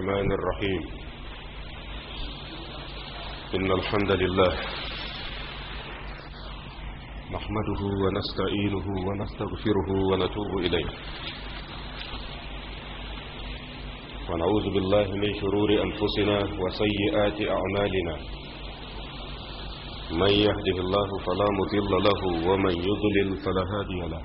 الرحمن الرحيم إن الحمد لله نحمده ونستعينه ونستغفره ونتوب إليه ونعوذ بالله من شرور أنفسنا وسيئات أعمالنا من يهده الله فلا مضل له ومن يضلل فلا هادي له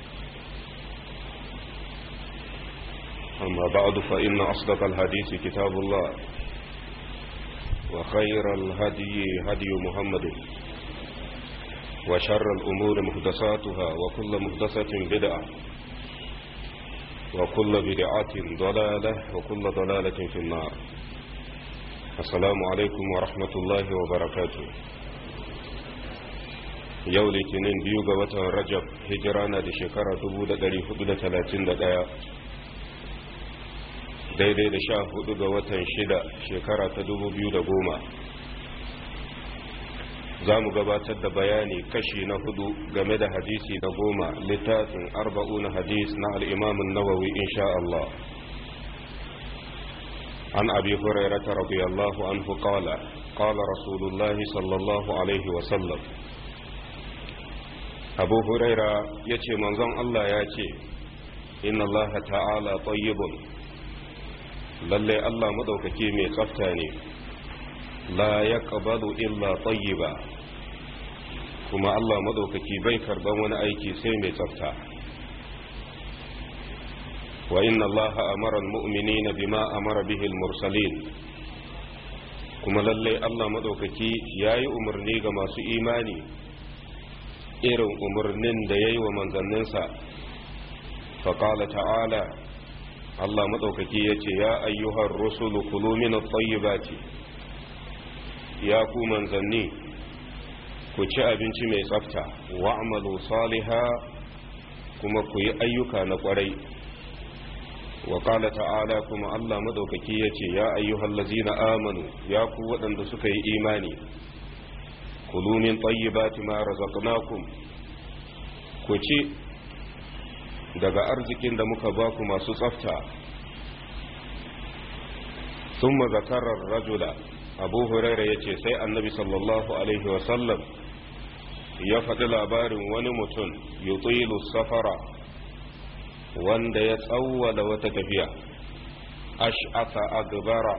أما بعد فإن أصدق الحديث كتاب الله وخير الهدي هدي محمد وشر الأمور محدثاتها وكل محدثة بدعة وكل بدعة ضلالة وكل ضلالة في النار السلام عليكم ورحمة الله وبركاته yau litinin biyu ga watan rajab دبودة na da shekara دقائق daidai da sha hudu ga watan shida shekara ta dubu biyu da goma za mu gabatar da bayani kashi na hudu game da hadisi na goma littafin arba'u na hadis na al'imamin nawawi insha Allah an abi hurairata radiyallahu anhu qala ƙala rasulullahi sallallahu alaihi wasallam abu huraira ya ce manzon Allah ya ce inna Allah ta'ala tayyibun lallai Allah maɗaukaki mai tsafta ne la yaqbalu illa ba kuma Allah maɗaukaki bai karban wani aiki sai mai tsafta wa inna Allah amara na bima amara bihil mursalin kuma lallai Allah ya yi umarni ga masu imani irin umarnin da yayi wa manzanninsa فقال تعالى Allah maɗaukaki ya ce ya ayyuhar rusulu kulu min at-tayyibati ya ku manzanni ku ci abinci mai tsafta wa saliha kuma ku yi ayyuka na kwarai wa qala ta'ala kuma Allah maɗaukaki ya ce ya ayyuhal ladzina amanu ya ku waɗanda suka yi imani kulu min tayyibati ma razaqnakum ku ci daga arzikin da muka ba ku masu tsafta sun mazakarar rajula abu huraira ya ce sai annabi sallallahu alaihi wasallam ya faɗi labarin wani mutum yutilu safara wanda ya tsawwala wata tafiya ash'asa agbara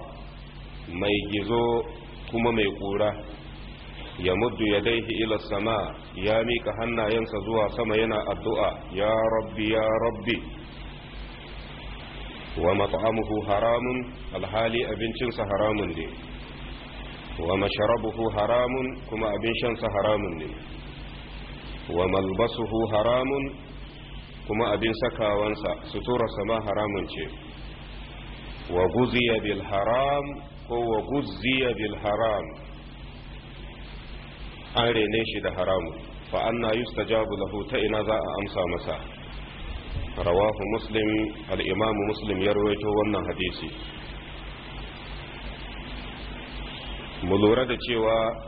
mai gizo kuma mai ƙura ya muddu ya daihi ila sama ya mika hannayensa zuwa sama yana addu'a ya rabbi ya rabbi wa mat'amuhu haramun alhali abincinsa haramun ne wa masharabuhu haramun kuma abin shansa haramun ne wa malbasuhu haramun kuma abin sakawansa suturarsa sama haramun ce wa guziya bil haram ko wa guziya bil haram an rene shi da haramu fa anna yustajabu lahu ta ina za a amsa masa rawahu muslim al-imam muslim ya rawaito wannan hadisi mu lura da cewa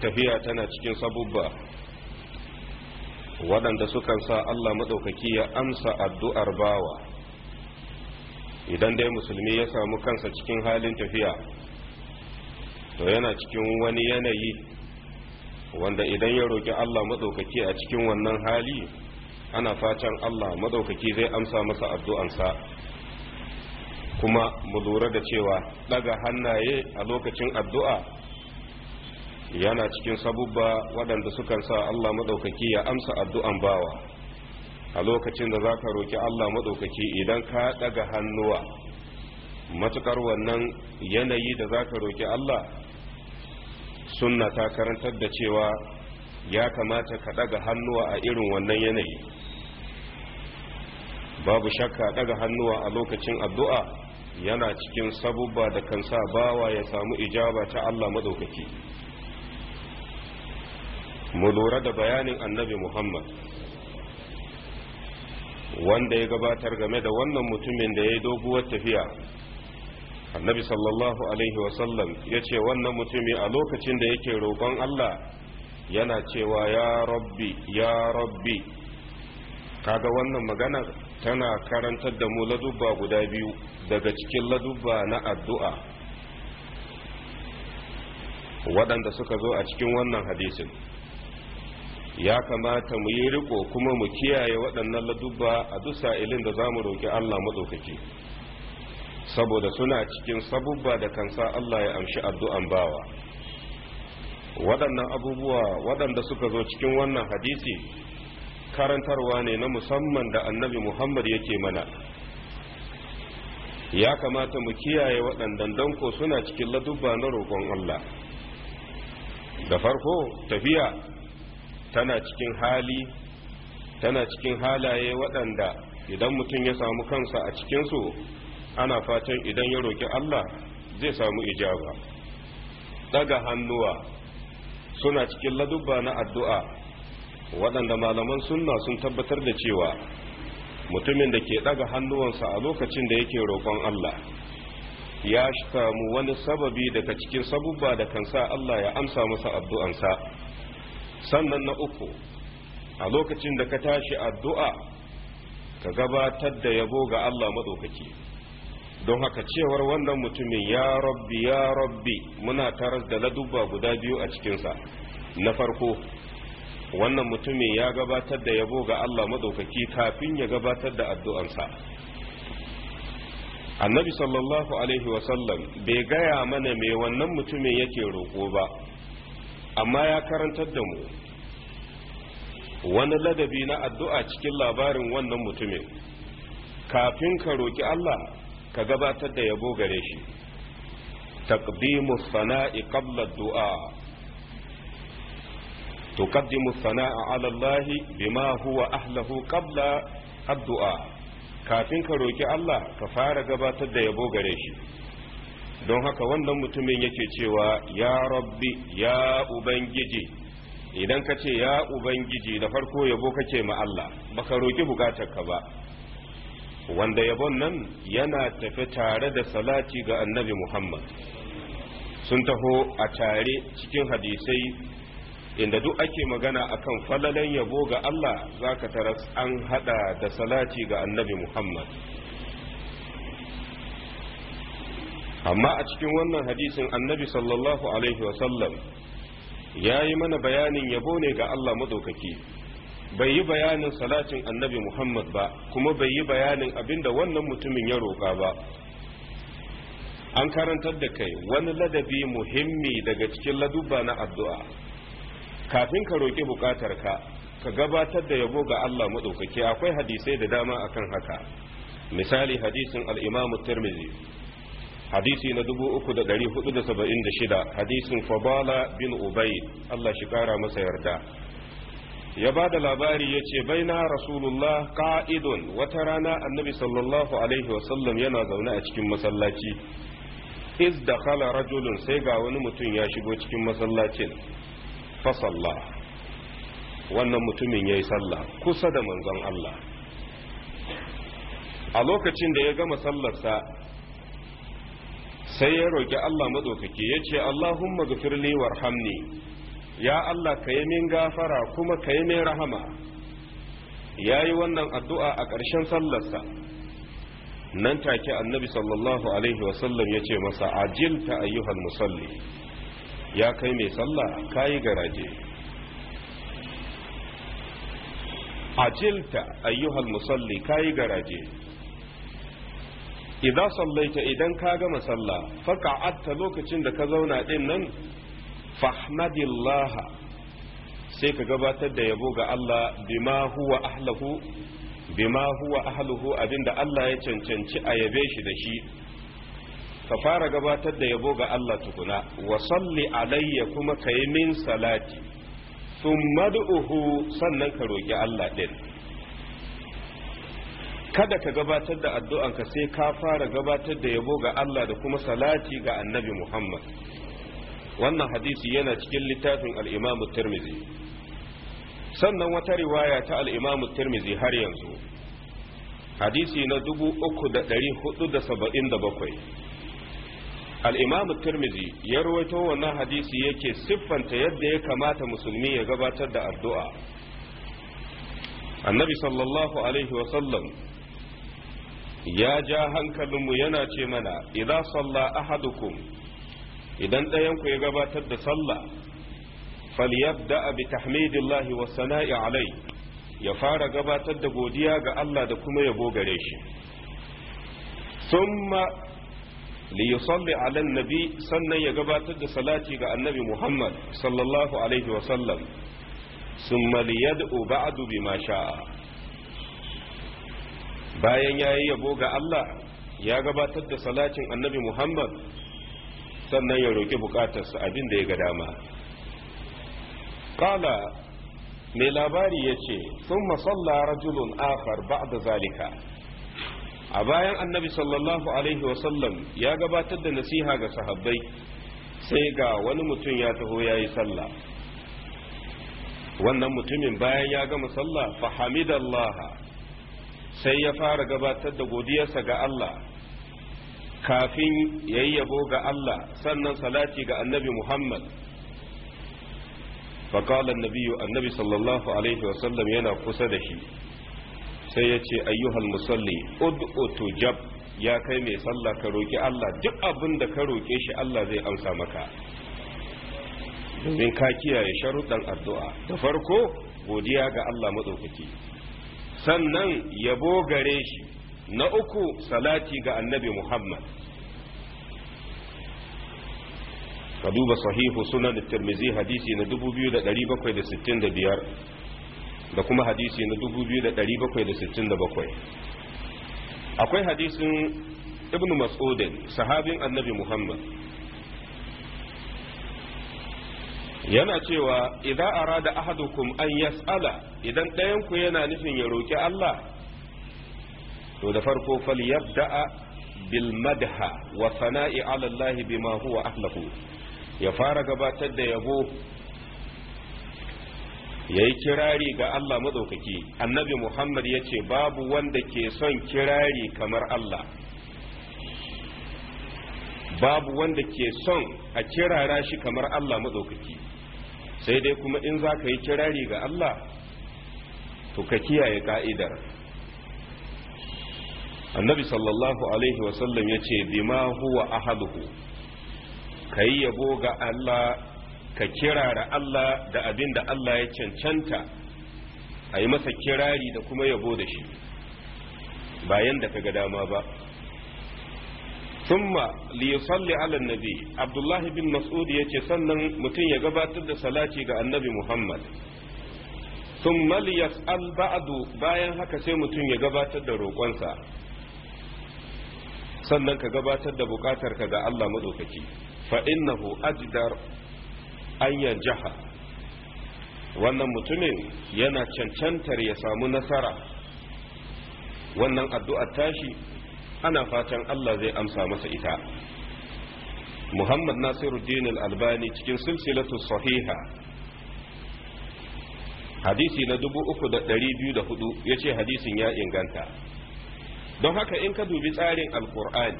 tafiya tana cikin sabubba waɗanda sukan sa Allah maɗaukaki ya amsa addu'ar bawa idan dai musulmi ya samu kansa cikin halin tafiya to yana cikin wani yanayi wanda idan ya roƙi Allah maɗaukaki a cikin wannan hali ana fatan Allah maɗaukaki zai amsa masa addu'ansa kuma mu lura da cewa daga hannaye a lokacin addu'a yana cikin sabubba waɗanda sukan sa Allah maɗaukaki ya amsa addu'an bawa a lokacin da za ka roƙi Allah maɗaukaki idan ka daga hannuwa matukar wannan yanayi da za ka roƙi Allah sunna ta karantar da cewa ya kamata ka daga hannuwa a irin wannan yanayi babu shakka daga hannuwa a lokacin addu'a yana cikin sabubba da kan sa bawa ya samu ijaba ta Allah madaukaki mu lura da bayanin annabi Muhammad wanda ya gabatar game da wannan mutumin da ya yi doguwar tafiya annabi sallallahu alaihi wasallam ya ce wannan mutumi a lokacin da yake roƙon Allah yana cewa ya rabbi ya rabbi kaga wannan magana tana karantar da mu ladubba guda biyu daga cikin ladubba na addu'a waɗanda suka zo a cikin wannan hadisin ya kamata mu yi riko kuma mu kiyaye waɗannan ladubba a duk sa'ilin da za mu roƙi Allah maɗaukaki. saboda suna cikin sabubba da kansa Allah ya amshi addu'an bawa waɗannan abubuwa waɗanda suka zo cikin wannan hadisi karantarwa ne na musamman da annabi Muhammad yake mana ya kamata mu kiyaye waɗannan danko suna cikin ladubba na roƙon Allah da farko tafiya tana cikin hali tana cikin halaye waɗanda idan mutum ya samu kansa a cikinsu ana fatan idan ya roƙi Allah zai samu ijaba daga hannuwa suna cikin ladubba na addu'a waɗanda malaman sunna sun tabbatar da cewa mutumin da ke daga hannuwansa a lokacin da yake roƙon Allah ya samu wani sababi daga cikin sabubba da kan sa Allah ya amsa masa addu'ansa sannan na uku a lokacin da ka tashi addu'a ka gabatar da yabo ga Allah maɗaukaki don haka cewar wannan mutumin ya rabbi ya rabbi muna taras da ladubba guda biyu a cikinsa na farko wannan mutumin ya gabatar da yabo ga Allah madaukaki kafin ya gabatar da addu'ansa annabi sallallahu alaihi wasallam bai gaya mana me wannan mutumin yake roƙo ba amma ya karantar da mu wani ladabi na addu'a cikin labarin wannan mutumin kafin ka roƙi Allah ka gabatar da yabo gare shi taqdimu sana'i qabla du'a tuqaddimu sana'a 'ala Allah bima huwa ahlahu qabla addu'a kafin ka roki Allah ka fara gabatar da yabo gare shi don haka wannan mutumin yake cewa ya rabbi ya ubangiji idan ka ce ya ubangiji da farko yabo kake ma Allah baka roki ka ba wanda yabon nan yana tafe tare da salati ga annabi muhammad sun taho a tare cikin hadisai inda duk ake magana akan falalan yabo ga allah za ka taras an hada da salati ga annabi muhammad amma a cikin wannan hadisin annabi sallallahu alaihi wasallam ya yi mana bayanin yabo ne ga allah madaukaki bai yi bayanin salatin annabi muhammad ba kuma bai yi bayanin abinda wannan mutumin ya roƙa ba an karantar da kai wani ladabi muhimmi daga cikin ladubba na addu'a kafin ka roƙi buƙatar ka ka gabatar da yabo ga Allah maɗaukaki akwai hadisai da dama akan haka misali hadisin al'imamu tirmizi hadisi na 3476 hadisin fabala bin ubaid Allah shi kara masa yarda ya ba da labari ya ce baina rasulullah ka'idun wata rana annabi sallallahu alaihi wasallam yana zaune a cikin masallaci iz da kala rajulun sai ga wani mutum ya shigo cikin masallacin fasalla wannan mutumin ya yi sallah kusa da manzon Allah a lokacin da ya gama sallarsa sai ya roƙi Allah maɗaukaki ya ce Allahumma gafirli warhamni ya Allah ka yi min gafara kuma ka yi min rahama ya yi wannan addu'a a ƙarshen sallarsa nan take annabi sallallahu alaihi wasallam ya ce masa ajilta ayyuhan musalli ya kai mai sallah ka yi garaje ajilta ayyuhal musalli ka yi garaje idan sallaita idan ka gama sallah faka atta lokacin da ka zauna din nan fahmadillaha sai ka gabatar da yabo ga Allah bima huwa ahlahu bima huwa ahluhu abinda Allah ya cancanci a yabe shi da shi ka fara gabatar da yabo ga Allah tukuna wa salli alayya kuma ka min salati sun mad'uhu sannan ka roki Allah ɗin kada ka gabatar da addu'anka sai ka fara gabatar da yabo ga Allah da kuma salati ga annabi Muhammad wannan hadisi yana cikin littafin al'imamu tirmizi sannan wata riwaya ta al'imamu tirmizi har yanzu hadisi na 3477 al'imamu tirmizi ya ruwaito wannan hadisi yake siffanta yadda ya kamata musulmi ya gabatar da addu'a annabi sallallahu alaihi wasallam ya ja hankalinmu yana ce mana idan salla ahadukum idan ɗayanku ya gabatar da sallah falyabda bi tahmidillahi wa sana'i alai ya fara gabatar da godiya ga Allah da kuma yabo gare shi thumma li yusalli ala nabi sannan ya gabatar da salati ga annabi Muhammad sallallahu alaihi wa sallam thumma liyad'u ba'du bima sha'a bayan yayi yabo ga Allah ya gabatar da salatin annabi Muhammad sannan ya roƙi bukatarsa abin da ya ga dama kala mai labari ya ce sun masalla rajulun afar ba da zalika a bayan annabi sallallahu alaihi wasallam ya gabatar da nasiha ga sahabbai sai ga wani mutum ya taho ya yi sallah wannan mutumin bayan ya gama sallah fahimidallaha sai ya fara gabatar da godiyarsa ga Allah kafin yayi yabo ga Allah sannan salati ga annabi Muhammad فقال النبي annabi sallallahu alaihi عليه yana kusa da shi sai ya ce ayyuhal musalli ud'u jab ya kai mai sallah ka roki Allah duk abin da ka roƙe shi Allah zai amsa maka domin ka kiyaye sharuɗan addu'a da farko godiya ga Allah madaukaki sannan yabo gare shi na uku salati ga annabi muhammad ka duba sahihu sunan tirmizi hadisi na 2765 da kuma hadisi na 2767 akwai hadisin ibn mas'udin sahabin annabi muhammad yana cewa idan arada ahadukum an yas'ala idan ɗayanku yana nufin ya roki Allah to da farko fal yabda'a bil madha wa sana'i ala Allah bima huwa ahlahu ya fara gabatar da yabo yayi kirari ga Allah madaukaki annabi Muhammad yace babu wanda ke son kirari kamar Allah babu wanda ke son a kirara shi kamar Allah madaukaki sai dai kuma in za ka yi kirari ga Allah to ka kiyaye ka'idar annabi sallallahu alaihi wasallam ya ce bima huwa ahaduhu ka yi yabo ga Allah ka kirara Allah da abin da Allah ya cancanta a yi masa kirari da kuma yabo da shi bayan da ka ga dama ba ثم ليصلي على النبي عبد bin بن ya yace sannan mutum ya gabatar da salati ga annabi Muhammad ثم ليسأل ba'du bayan haka sai mutum ya gabatar da roƙonsa sannan ka gabatar da bukatar ka ga Allah madaukaki fa innahu ajdar an yanjaha wannan mutumin yana cancantar ya samu nasara wannan addu'ar tashi ana fatan Allah zai amsa masa ita Muhammad Nasiruddin Al-Albani cikin silsilatu sahiha hadisi na 3,204 ya ce hadisin ya inganta don haka in ka dubi tsarin alkur'ani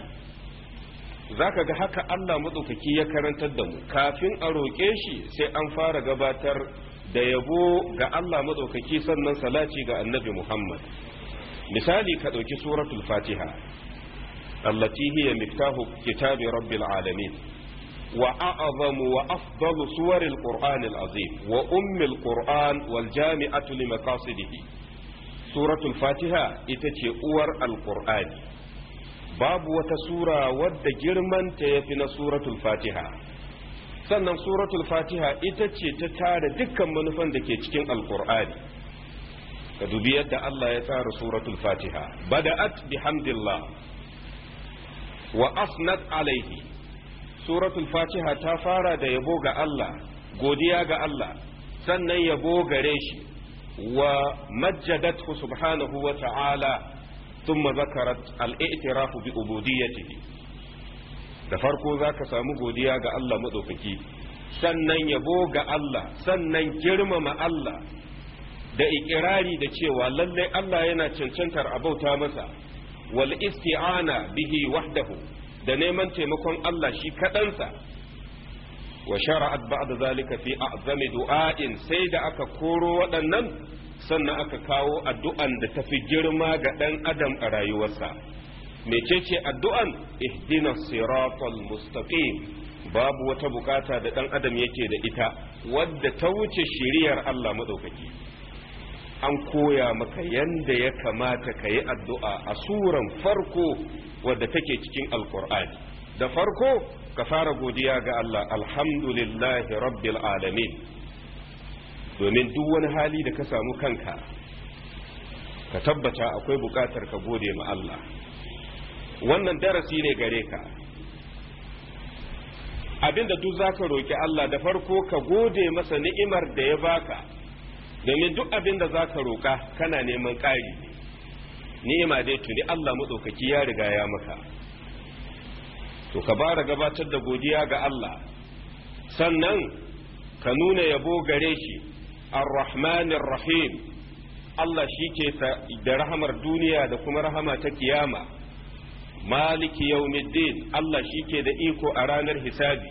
za ka ga haka allah matsaukaki ya karantar da mu kafin a roƙe shi sai an fara gabatar da yabo ga allah matsaukaki sannan salaci ga annabi muhammad misali ka ɗauki suratul fatiha allati hiya miftahu kitabi rabbil alamin وأعظم وأفضل صور القرآن العظيم Ƙur'an القرآن والجامعة لمقاصده suratul fatiha ita ce uwar alkur'ani babu wata sura wadda girmanta ya fi na suratul fatiha sannan suratul fatiha ita ce ta tara dukkan manufan da ke cikin alkur'ani ka dubi yadda Allah ya tsara suratul fatiha bada'at bihamdillah wa asnat alaihi suratul fatiha ta fara da yabo ga Allah godiya ga Allah sannan yabo gare shi ومجدته سبحانه وتعالى ثم ذكرت الاعتراف بأبوديته da farko za ka samu godiya ga Allah maɗaukaki sannan yabo ga Allah sannan girmama Allah da ikirari da cewa lallai Allah yana cancantar a bauta masa wal isti'ana bihi wahdahu da neman taimakon Allah shi kaɗansa wa shara'at ba'da zalika fi a'zami du'a'in sai da aka koro waɗannan sannan aka kawo addu'an da tafi girma ga ɗan adam a rayuwarsa mecece addu'an ihdina siratal mustaqim babu wata buƙata da ɗan adam yake da ita wadda ta wuce shiriyar Allah maɗaukaki an koya maka yadda ya kamata ka yi addu'a a suran farko wadda take cikin alkur'ani da farko ka fara godiya ga Allah alhamdulillahi rabbil alamin domin duk wani hali da ka samu kanka ka tabbata akwai buƙatar ka gode ma Allah wannan darasi ne gare ka abinda duk zaka roki Allah da farko ka gode masa ni'imar da ya baka domin duk abinda zaka roka kana neman ƙari ni'ima dai tuni Allah maɗaukaki ya riga ya maka to ka bara gabatar da godiya ga Allah sannan ka nuna yabo gare shi ar-rahmanir rahim Allah shi ke da rahamar duniya da kuma rahama ta kiyama maliki yawmiddin Allah shi ke da iko a ranar hisabi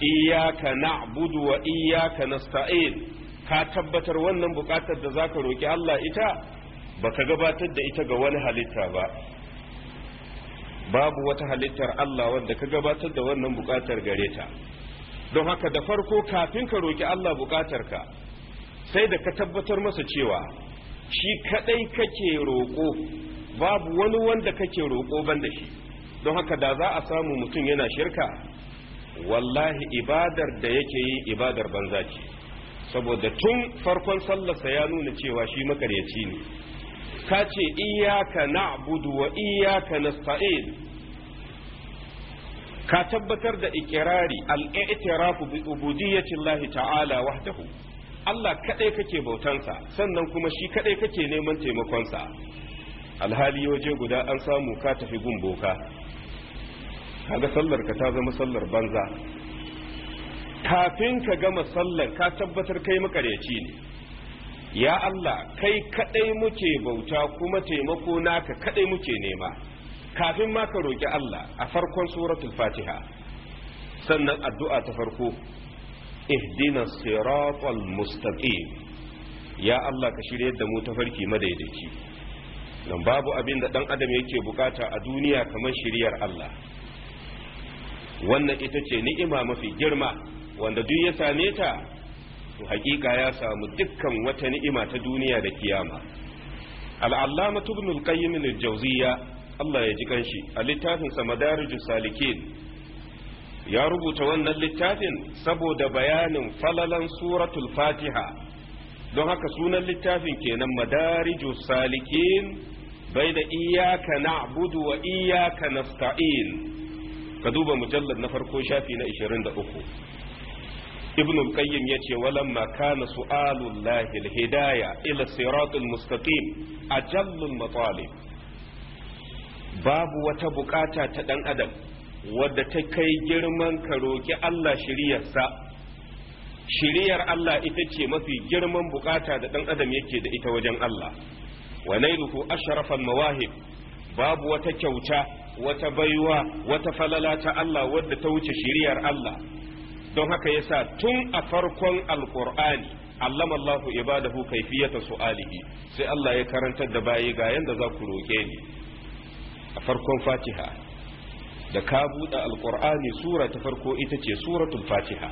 iyaka na'budu wa iyaka nasta'in ka tabbatar wannan bukatar da zaka roki Allah ita baka gabatar da ita ga wani halitta ba babu wata halittar Allah wanda ka gabatar da wannan buƙatar gare ta don haka da farko kafin ka roki Allah ka sai da ka tabbatar masa cewa shi kadai kake roƙo babu wani wanda kake roko ban shi don haka da za a samu mutum yana shirka wallahi ibadar da yake yi ibadar banza ce saboda tun farkon sallarsa ya nuna cewa shi makaryaci ne ka ce iyaka na'budu wa iyaka nasta'in ka tabbatar da ikirari al-i'tirafu bi ubudiyyati Allah ta'ala wahdahu Allah kaɗai kake bautansa sannan kuma shi kaɗai kake neman taimakonsa alhali waje guda an samu ka tafi gun boka kaga sallar ka ta zama sallar banza kafin ka gama sallar ka tabbatar kai makareci ne ya Allah kai kadai muke bauta kuma taimako naka kadai muke nema kafin ma ka roki Allah a farkon suratul fatiha sannan addu'a ta farko ihdina siratal mustaqim ya Allah ka shirye da mu tafarki madaidaici nan babu abin da dan adam yake bukata a duniya kamar shiryar Allah wannan ita ce ni'ima mafi girma wanda duk ya same ta to hakika ya samu dukkan wata ni'ima ta duniya da kiyama al'allama ibn al-qayyim al Allah ya ji kanshi a littafin sa madarijus salikin ya rubuta wannan littafin saboda bayanin falalan suratul fatiha don haka sunan littafin kenan madarijus salikin bai da iyaka abudu wa iyaka nasta'in ka duba mujallar na farko shafi na 23 ibn al-qayyim yace walamma kana su'alul lahi al-hidayah ila siratul mustaqim ajallul matalib babu wata bukata ta dan adam wadda ta kai girman ka roki Allah shiriyarsa shiriyar Allah ita ce mafi girman bukata da dan adam yake da ita wajen Allah wa nailuhu ashrafal mawahib babu wata kyauta wata baiwa wata falala ta Allah wadda ta wuce shiriyar Allah don haka yasa tun a farkon alqur'ani allama Allahu ibadahu kayfiyata su'alihi sai Allah ya karantar da bayi ga yanda za ku roke ni a farkon Fatiha da ka buɗe alqur'ani sura ta farko ita ce suratul Fatiha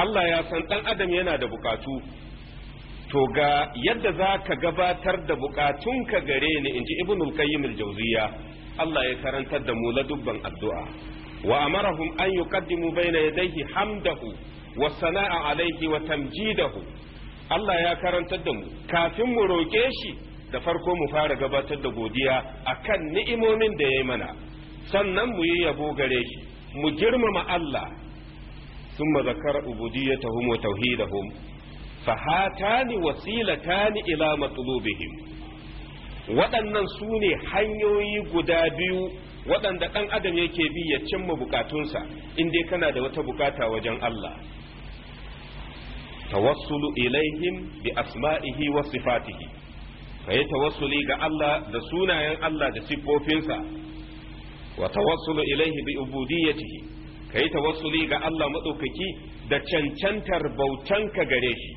Allah ya san ɗan adam yana da bukatu to ga yadda za ka gabatar da bukatunka gare ni in ji ibnul qayyim al-jawziya Allah ya karantar da mu dubban addu'a wa amarahum an yuqaddimu bayna yadayhi hamdahu wa sana'a alayhi wa tamjidahu Allah ya karantar da mu kafin mu roƙe shi da farko mu fara gabatar da godiya a kan ni'imomin da ya yi mana sannan mu yi yabo gare shi mu girmama Allah ثم ذكر عبوديتهم وتوحيدهم فهاتان وسيلتان ila matlubihim waɗannan su ne hanyoyi guda biyu waɗanda ɗan adam yake bi ya cimma bukatunsa in dai kana da wata bukata wajen Allah tawassulu ilaihim bi asma'ihi wa sifatihi kai tawassuli ga Allah da sunayen Allah da siffofinsa wa tawassulu ilaihi bi ubudiyyatihi kai tawassuli ga Allah madaukaki da cancantar bautanka gare shi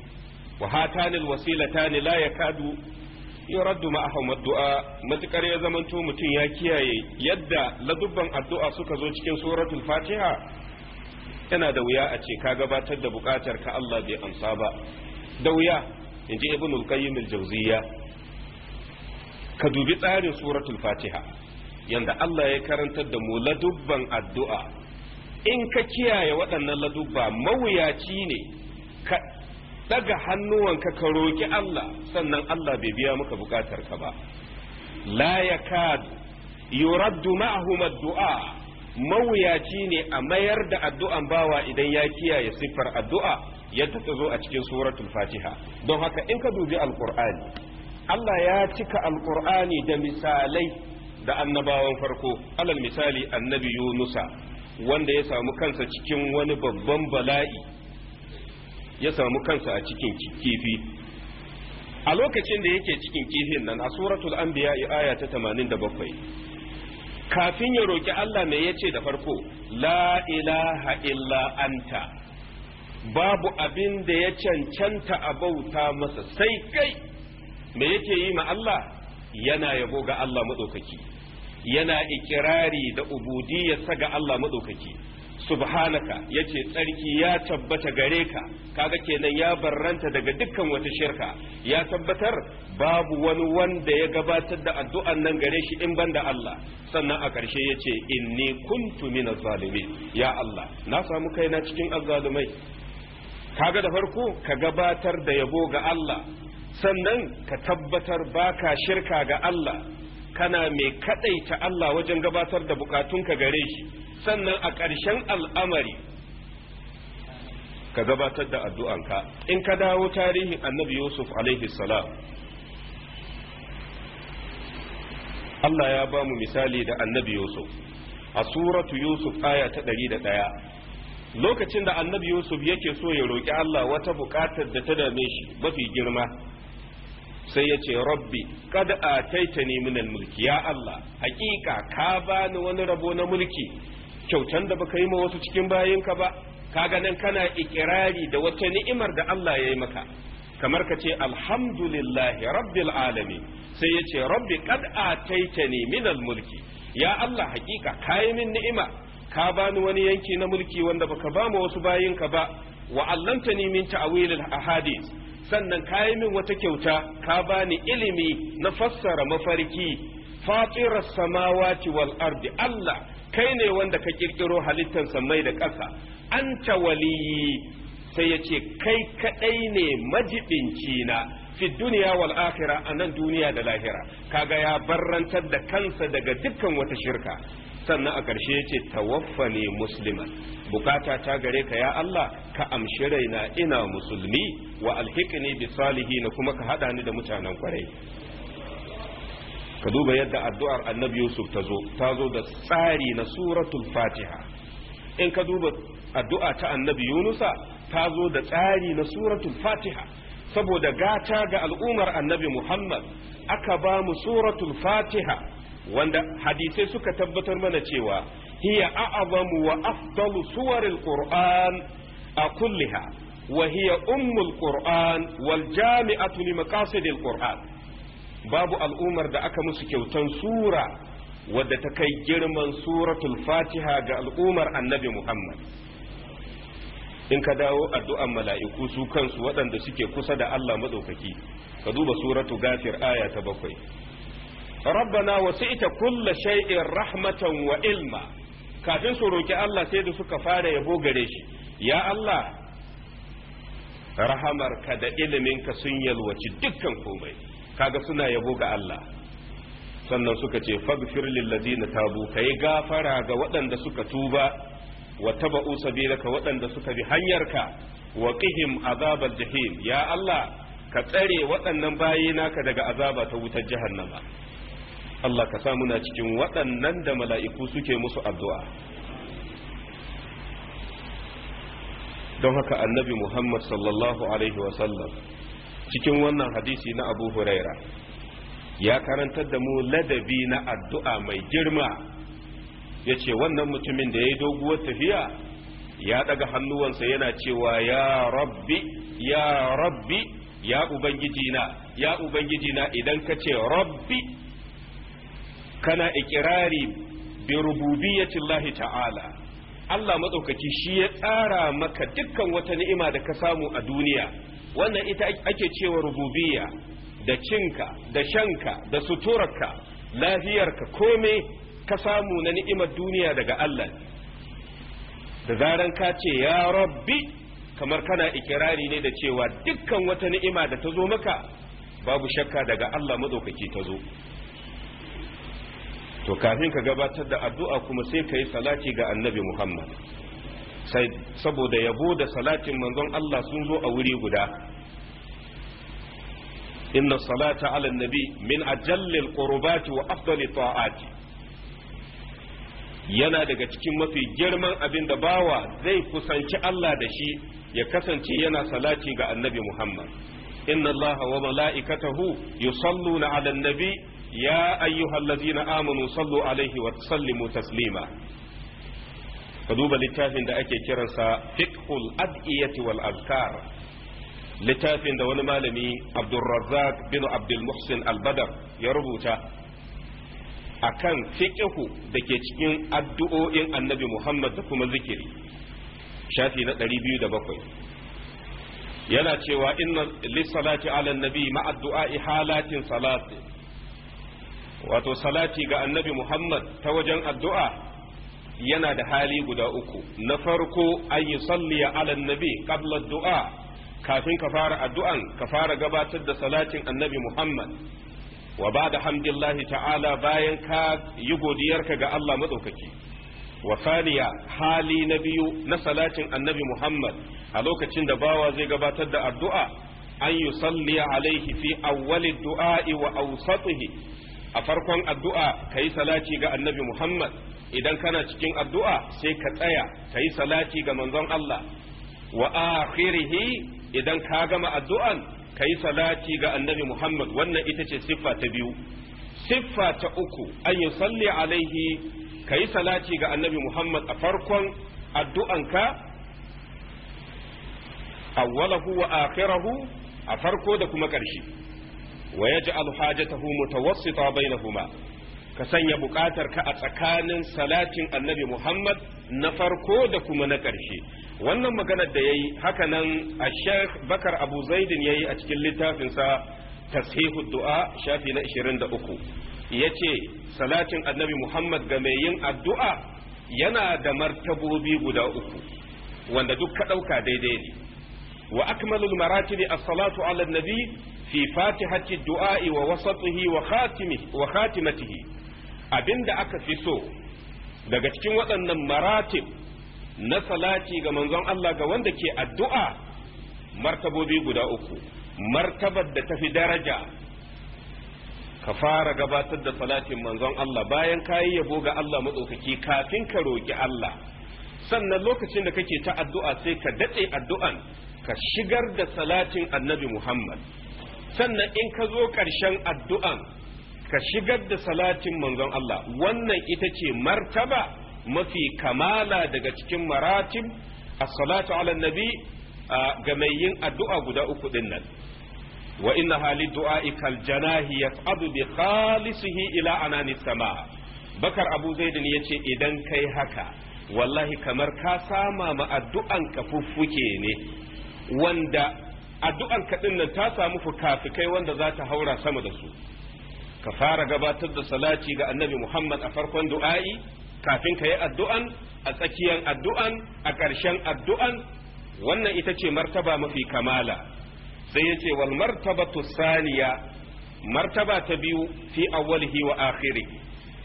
wa hatanil wasilatani la yakadu yuraddu ma'ahum addu'a matukar ya zamanto mutum ya kiyaye yadda ladubban addu'a suka zo cikin suratul fatiha yana da wuya a ce ka gabatar da bukatar ka Allah bai amsa ba da wuya in ji ibnul qayyim al-jawziyya ka dubi tsarin suratul fatiha yanda Allah ya karantar da mu ladubban addu'a in ka kiyaye waɗannan ladubba mawuyaci ne daga hannuwan ka roƙi Allah sannan Allah bai biya maka bukatar ka ba la yakad yuraddu ma'ahum ad-du'a mawuyaci ne a mayar da addu'an bawa idan ya kiyaye siffar addu'a yadda ta zo a cikin suratul fatiha don haka in ka dubi alqur'ani Allah ya cika alqur'ani da misalai da annabawan farko alal misali annabi yunusa wanda ya samu kansa cikin wani babban bala'i ya samu kansa a cikin kifi a lokacin da yake cikin kifin nan a suratul anbiya aya ta 87 kafin ya roki Allah me yace da farko la ilaha illa anta babu abin da ya cancanta a bauta masa sai kai mai yake yi ma Allah yana yabo ga Allah madaukaki yana ikirari da ubudiyarsa ga Allah madaukaki subhanaka yace tsarki ya tabbata gare ka kaga kenan ya barranta daga dukkan wata shirka ya tabbatar babu wani wanda ya gabatar da addu'an nan gare shi in banda Allah sannan a ƙarshe yace inni kuntu min zalimi ya Allah na samu kaina cikin azzalumai kaga da farko ka gabatar da yabo ga Allah sannan ka tabbatar baka shirka ga Allah kana mai kaɗaita Allah wajen gabatar da bukatunka gare shi sannan a ƙarshen al'amari ka gabatar da addu'anka in ka dawo tarihin annabi yusuf alaihi salam Allah ya ba mu misali da annabi yusuf a suratu yusuf aya ta ɗari da ɗaya lokacin da annabi yusuf yake so ya roƙi Allah wata buƙatar da ta dame shi mafi girma sai ya ce rabbi kad ne minal mulki ya Allah hakika ka bani wani rabo na mulki kyautan da baka yi ma wasu cikin bayinka ba Ka ganin kana ikirari da wata ni'imar da Allah ya yi maka kamar ka ce alhamdulillahi rabbil alamin sai ya ce rabbi kad ne minal mulki ya Allah hakika ka yi min ni'ima ka bani wani yanki na mulki wanda baka ba ma wasu bayinka ba wa ni min ta'wilil ahadith sannan ka yi min wata kyauta ka bani ilimi na fassara mafarki fatirar samawati wal ardi Allah kai ne wanda ka kirkiro halittar samai da ƙasa anta waliyi sai ya ce kai kaɗai ne majibinci na fi duniya wal akhira a nan duniya da lahira kaga ya barrantar da kansa daga dukkan wata shirka sannan a ƙarshe ce tawaffa ne musliman bukata ta gare ka ya Allah ka amshi raina ina musulmi wa alhikini bi salihina kuma ka haɗa ni da mutanen kwarai ka duba yadda addu'ar annabi yusuf ta zo ta zo da tsari na suratul fatiha in ka duba addu'a ta annabi yunusa ta zo da tsari na suratul fatiha saboda gata ga al'ummar annabi muhammad aka ba mu suratul fatiha wanda hadisai suka tabbatar mana cewa hiya a'azamu wa afdalu suwaril qur'an a kulliha wa hiya ummul qur'an wal jami'atu li maqasidil qur'an babu al'ummar da aka musu kyautan sura wadda ta kai girman suratul fatiha ga al'ummar annabi muhammad in ka dawo addu'an mala'iku su kansu waɗanda suke kusa da allah maɗaukaki ka duba suratu gafir aya ta bakwai wasu ita kulla shai'in rahmatan wa ilma kafin su roki Allah sai da suka fara yabo gare shi ya Allah rahamarka da iliminka sun yalwaci dukkan komai kaga suna yabo ga Allah sannan suka ce faghfir lil ladina tabu kai gafara ga waɗanda suka tuba wa taba'u sabilaka waɗanda suka bi hanyarka wa qihim azabal jahim ya Allah ka tsare waɗannan bayi naka daga azaba ta wutar jahannama Allah ka samu na cikin waɗannan da mala'iku suke musu addu'a don haka annabi Muhammad sallallahu Alaihi wasallam cikin wannan hadisi na abu huraira ya karantar da mu ladabi na addu'a mai girma ya ce wannan mutumin da ya yi doguwar tafiya ya ɗaga hannuwansa yana cewa ya rabbi ya rabbi ya ubangijina ya ubangijina idan ka ce rabbi kana ikirari bi rububiyyati Allah ta'ala Allah madaukaki shi ya tsara maka dukkan wata ni'ima da ka samu a duniya wannan ita ake cewa rububiyya da cinka da shanka da suturarka lafiyarka kome ka samu na ni'imar duniya daga Allah da zaran ka ce ya rabbi kamar kana ikirari ne da cewa dukkan wata ni'ima da ta zo maka babu shakka daga Allah madaukaki ta zo to kafin ka gabatar da addu'a kuma sai ka yi salati ga annabi muhammad sai saboda yabo da salatin manzon allah sun zo a wuri guda inna salata ala nabi min ajallil qurbati wa afdali ta'ati yana daga cikin mafi girman abin da bawa zai kusanci Allah da shi ya kasance yana salati ga annabi Muhammad inna Allah wa mala'ikatahu yusalluna ala nabi ya ayyuhal ladina amanu sallu alaihi wa sallimu taslima ka duba littafin da ake kiransa fiqhul ad'iyati wal azkar littafin da wani malami abdurrazzaq bin abdul muhsin al ya rubuta akan fiqhu da ke cikin addu'o'in annabi muhammad da kuma zikiri shafi na 207 yana cewa inna lissalati ala nabi ma'a du'a'i halatin salatin wato salati ga annabi Muhammad ta wajen addu'a yana da hali guda uku na farko an yi salliya alan nabi qabla du'a kafin ka fara addu'an ka fara gabatar da salatin annabi Muhammad wa ba da hamdillahi ta'ala bayan ka yi godiyarka ga Allah maɗaukaki wa faniya hali na biyu na salatin annabi Muhammad a lokacin da bawa zai gabatar da addu'a an yi salliya alaihi fi awwali du'a'i wa awsatihi a farkon addu'a ka yi salati ga annabi Muhammad idan kana cikin addu'a sai ka tsaya ka yi salati ga manzon Allah wa akhirihi idan ka gama addu'an ka yi salati ga annabi Muhammad wannan ita ce siffa ta biyu siffa ta uku an yi salli alaihi ka yi salati ga annabi Muhammad a farkon addu'anka awwalahu wa akhirahu a farko da kuma ƙarshe wa ya yaj'alu hajatahu mutawassita bainahuma ka sanya buƙatar ka a tsakanin salatin annabi Muhammad na farko da kuma na ƙarshe wannan maganar da yayi hakanan a Sheikh Bakar Abu Zaidin yayi a cikin littafinsa tashihu du'a shafi na 23 yace salatin annabi Muhammad ga mai yin addu'a yana da martabobi guda uku wanda duk ka ɗauka daidai ne wa akmalul maratibi as-salatu ala nabi fi fatihati du'a'i wa wasatihi wa khatimihi wa khatimatihi abinda aka fi so daga cikin waɗannan maratib na salati ga manzon Allah ga wanda ke addu'a martabobi guda uku martabar da tafi daraja ka fara gabatar da salatin manzon Allah bayan kayi yabo ga Allah matsaukaki kafin ka roki Allah sannan lokacin da kake ta addu'a sai ka daɗe addu'an ka shigar da salatin annabi Muhammad sannan in ka zo ƙarshen addu'an ka shigar da salatin manzon Allah wannan ita ce martaba mafi kamala daga cikin maratin a salatu ala nabi ga mai yin addu'a guda uku din nan wa inna hali du'a ikal janahi yas'adu bi khalisihi ila anani sama bakar abu zaidin yace idan kai haka wallahi kamar ka sama ma addu'an ka fuffuke ne wanda addu'ar kaɗin nan ta samu fukafukai wanda za ta haura sama da su ka fara gabatar da salati ga annabi muhammad a farkon du'a'i kafin ka yi addu'an a tsakiyar addu'an a ƙarshen addu'an wannan ita ce martaba mafi kamala sai ya ce wal martabatu saniya martaba ta biyu fi awwalihi wa akhiri.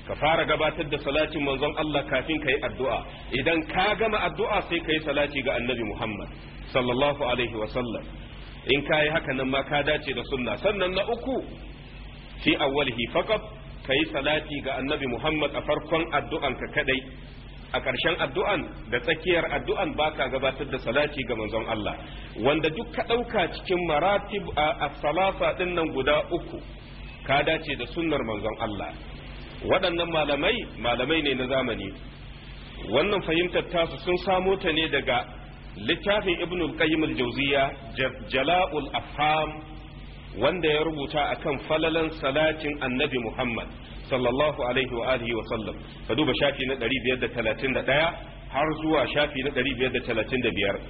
ka fara gabatar da salatin manzon Allah kafin ka yi addu'a idan ka gama addu'a sai ka yi salati ga annabi Muhammad sallallahu alaihi wa sallam in ka yi haka nan ma ka dace da sunna sannan na uku fi awwalihi faqat kai salati ga annabi Muhammad a farkon addu'an ka kadai a ƙarshen addu'an da tsakiyar addu'an baka gabatar da salati ga manzon Allah wanda duk ka ɗauka cikin maratib a salafa din nan guda uku ka dace da sunnar manzon Allah waɗannan malamai malamai ne na zamani wannan fahimtar tasu sun samo ta ne daga littafin ibn al-qayyim al-jawziya jala'ul afham wanda ya rubuta akan falalan salatin annabi muhammad sallallahu alaihi wa alihi wa sallam ka duba shafi na 531 har zuwa shafi na 535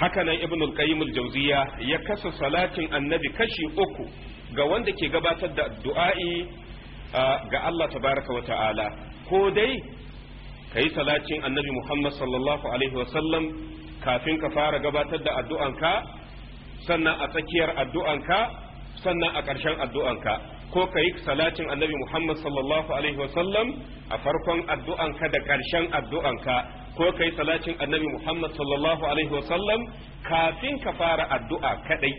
haka nan ibn al-qayyim al-jawziya ya kasa salatin annabi kashi uku ga wanda ke gabatar da du'a'i ga Allah tabaraka wa ta'ala ko dai ka yi salatin annabi Muhammad sallallahu alaihi wasallam kafin ka fara gabatar da addu'anka sannan a tsakiyar addu'anka sannan a ƙarshen addu'anka ko ka yi salacin annabi Muhammad sallallahu alaihi wasallam a farkon addu'anka da ƙarshen addu'anka ko ka yi salacin annabi Muhammad sallallahu alaihi wasallam kafin ka fara addu'a kaɗai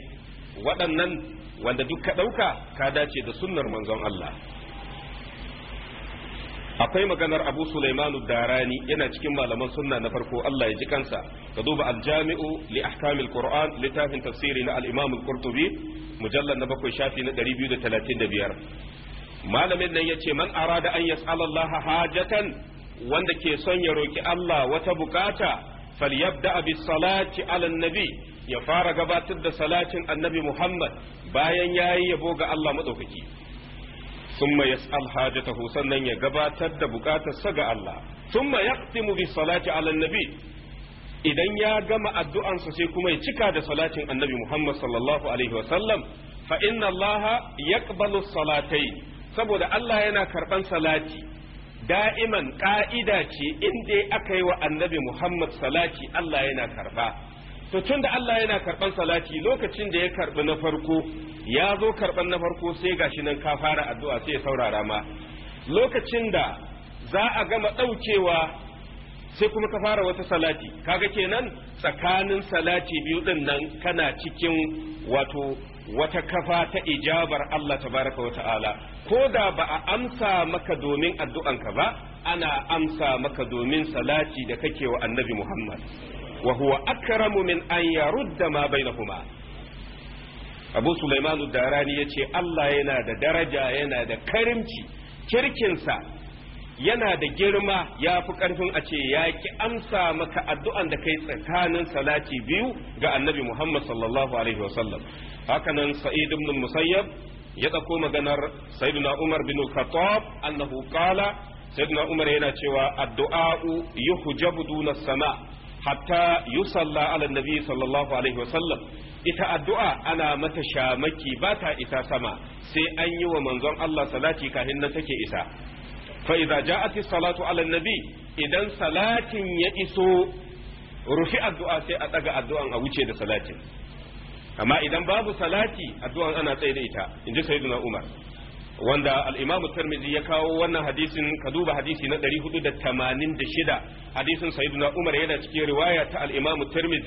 waɗannan wanda duk ka ɗauka ka dace da sunnar manzon Allah. akwai maganar abu sulaimanu darani yana cikin malaman sunna na farko Allah ya ji kansa ka duba aljami'u li ahkamil qur'an littafin tafsiri na al-imam al-qurtubi mujallal na bakwai shafi na 235 malamin nan yace man arada an yas'ala Allah hajatan wanda ke son ya roki Allah wata bukata falyabda bis salati ala nabi ya fara gabatar da salatin annabi Muhammad bayan yayi yabo ga Allah madaukaki thumma yas'al hajatahu sannan ya gabatar da bukatarsa ga Allah thumma yaqtimu bi salati ala nabi idan ya gama addu'ansa sai kuma ya cika da salatin annabi Muhammad sallallahu alaihi wa sallam fa inna Allah yaqbalu salatai saboda Allah yana karban salati da'iman ƙa'ida ce in dai aka yi wa annabi Muhammad salati Allah yana karɓa. to tun da Allah yana karban salati lokacin da ya karbi na farko ya zo karban na farko sai gashi nan ka fara addu'a sai ya saurara ma lokacin da za a gama daukewa sai kuma ka fara wata salati kaga kenan tsakanin salati biyu din nan kana cikin wato wata kafa ta ijabar Allah tabaraka wa ta'ala ko da ba a amsa maka domin addu'anka ba ana amsa maka domin salati da kake wa annabi Muhammad wa huwa akramu min an yarudda ma bainahuma abu sulaimanu darani ya ce allah yana da daraja yana da karimci kirkinsa yana da girma ya fi ƙarfin a ce ya ki amsa maka addu'an da kai tsakanin salati biyu ga annabi muhammad sallallahu alaihi wasallam hakanan sa'id ibn musayyab ya ɗauko maganar sayyiduna umar bin khattab annahu qala sayyiduna umar yana cewa addu'a'u yuhjabu duna sama hatta yusalla ala nabi sallallahu alaihi wasallam ita addu'a ana mata shamaki ba ta isa sama sai an yi wa manzon Allah salati kafin na take isa fa idza ci salatu ala nabi idan salatin ya iso rufi addu'a sai a daga addu'an a wuce da salatin amma idan babu salati addu'an ana tsaye da ita inji sayyiduna Umar wanda al-Imam ya kawo wannan hadisin ka duba hadisi na 486 hadisin Sayyidina Umar yana cikin riwaya ta alimam imam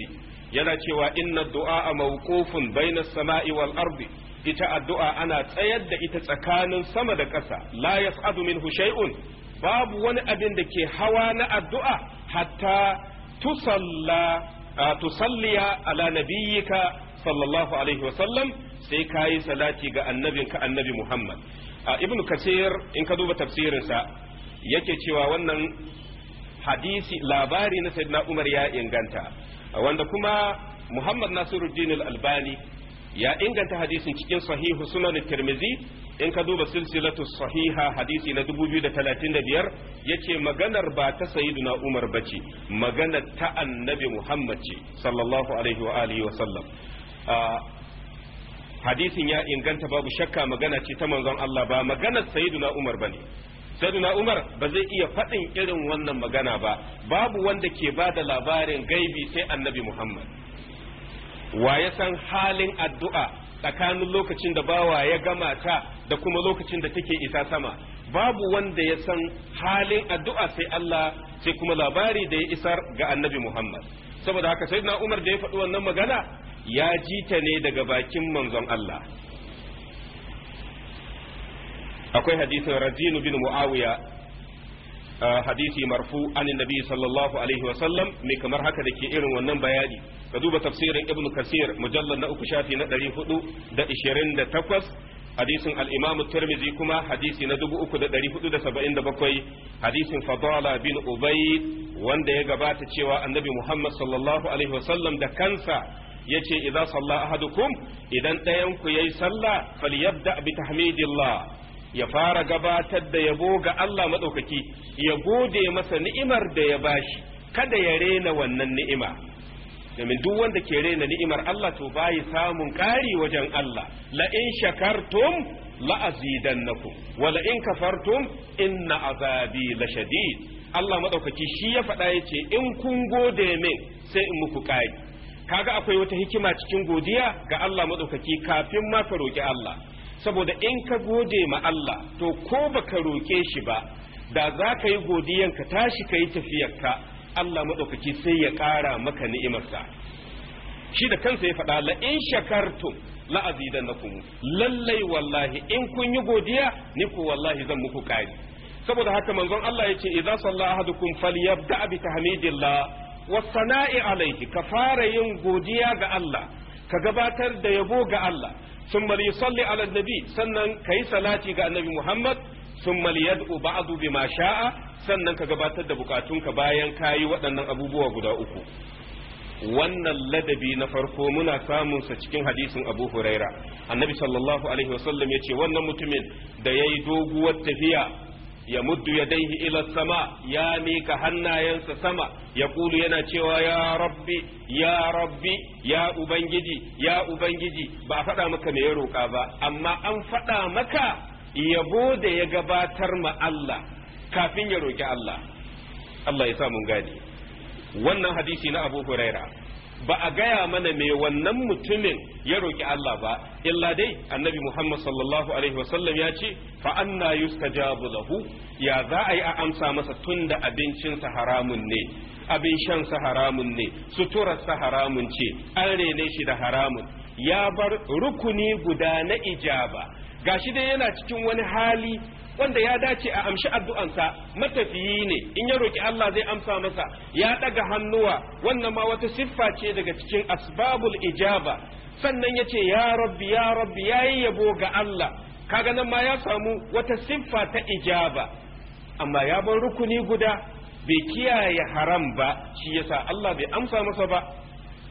yana cewa inna du'a a mawqufun baina samai wal ardi ita addu'a ana tsayar da ita tsakanin sama da ƙasa la Adumin, minhu shay'un babu wani abin da ke hawa na addu'a hatta tusalla tusalliya ala nabiyyika sallallahu alaihi wa sallam sai ka yi salati ga annabin ka annabi Muhammad a ibnu kasir in ka duba tafsirinsa yake cewa wannan hadisi labari na sayyidina Umar ya inganta wanda kuma Muhammad Nasiruddin al-Albani ya inganta hadisin cikin sahihu sunan tirmizi in ka duba silsilatu sahiha hadisi na 2035 yace maganar ba ta sayyiduna umar bace maganar ta annabi muhammad ce sallallahu alaihi wa alihi wa sallam hadisin ya inganta babu shakka magana ce ta manzon Allah ba maganar sayyiduna Umar bane sayyiduna Umar ba zai iya faɗin irin wannan magana ba babu wanda ke ba da labarin gaibi sai annabi Muhammad wa ya san halin addu'a tsakanin lokacin da bawa ya gama ta da kuma lokacin da take isa sama babu wanda ya san halin addu'a sai Allah sai kuma labari da ya isar ga annabi Muhammad saboda haka sayyiduna Umar da ya faɗi wannan magana ya ji ta ne daga bakin manzon Allah akwai hadisin razinu bin muawiya hadisi marfu an nabi sallallahu alaihi wa sallam me kamar haka da ke irin wannan bayani ka duba tafsirin ibn kasir mujallar na uku shafi na ɗari hudu da ishirin da takwas hadisin al'imamu turmizi kuma hadisi na dubu uku da ɗari hudu da saba'in da bakwai hadisin fadala bin ubay wanda ya gabata cewa annabi muhammad sallallahu alaihi wa sallam da kansa yace idza salla ahadukum idan ɗayan ku yayi sallah falyabda bi tahmidillah ya fara gabatar da yabo ga Allah madaukaki ya gode masa ni'imar da ya bashi kada ya rena wannan ni'ima domin duk wanda ke rena ni'imar Allah to bayi samun kari wajen Allah la in shakartum la azidannakum wa la in kafartum inna azabi lashadid Allah madaukaki shi ya faɗa yace in kun gode min sai in muku ƙari kaga akwai wata hikima cikin godiya ga Allah madaukaki kafin ma ka roki Allah saboda in ka gode ma Allah to ko baka roke shi ba da za ka yi godiyan ka tashi ka yi ka Allah madaukaki sai ya kara maka ni'imarsa shi da kansa ya faɗa la in shakartum la azidannakum lallai wallahi in kun yi godiya ni ku wallahi zan muku kari saboda haka manzon Allah yace idza salla ahadukum falyabda bi tahmidillah wasana'i alaihi ka fara yin godiya ga Allah ka gabatar da yabo ga Allah summa yusalli ala nabi sannan kai salati ga annabi Muhammad summa yad'u ba'du bima sha'a sannan ka gabatar da bukatunka bayan kayi waɗannan abubuwa guda uku wannan ladabi na farko muna samun sa cikin hadisin Abu Huraira annabi sallallahu alaihi wasallam yace wannan mutumin da yayi doguwar tafiya ya muddu ya daihi ila sama ya mika hannayensa sama ya kulu yana cewa ya rabbi ya rabbi ya ubangiji ya ubangiji ba a faɗa maka me ya roƙa ba amma an faɗa maka yabo da ya gabatar ma Allah kafin ya roƙi Allah Allah ya sa mun wannan hadisi na Abu Huraira ba a gaya mana me wannan mutumin ya roki Allah ba illa dai annabi Muhammad sallallahu alaihi wasallam ya ce fa anna yustajabu lahu ya za a yi a amsa masa tunda abincinsa haramun ne abin shansa haramun ne suturarsa haramun ce an rene shi da haramun ya bar rukuni guda na ijaba gashi dai yana cikin wani hali wanda ya dace a amshi addu'ansa matafiyi ne in ya roki Allah zai amsa masa ya daga hannuwa wannan ma wata siffa ce daga cikin asbabul ijaba sannan ya ce ya rabbi ya rabbi ya yabo ga Allah kaga nan ma ya samu wata siffa ta ijaba amma ya bar rukuni guda bai kiyaye haram ba shi yasa Allah bai amsa masa ba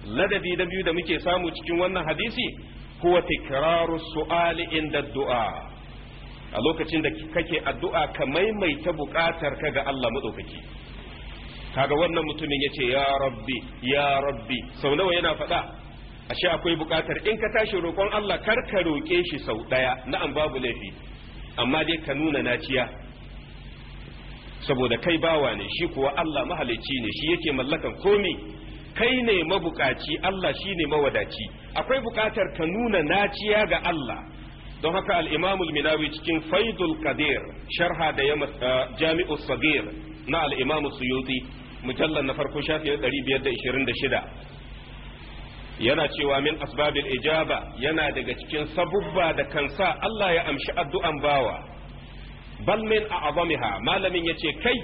ladabi da biyu da muke samu cikin wannan hadisi huwa tikraru su'ali inda du'a a lokacin da kake addu'a ka maimaita buƙatar ka ga Allah madaukaki kaga wannan mutumin yace ya rabbi ya rabbi sau nawa yana faɗa ashe akwai buƙatar. in ka tashi roƙon Allah kar ka roƙe shi sau ɗaya na'am babu laifi amma dai ka nuna naciya saboda kai bawa ne shi kuwa Allah mahalicci ne shi yake mallakan komi kai ne mabukaci Allah shi ne mawadaci akwai bukatar ka nuna naciya ga Allah don haka al-Imam minawi cikin Faidul Qadir sharha da ya eh, Jami'u Sagir na al-Imam Suyuti mujallal na farko shafi 526 yana cewa min asbabil ijaba yana daga cikin sabubba da kansa Allah ya amshi addu'an bawa bal min a'zamiha malamin yace kai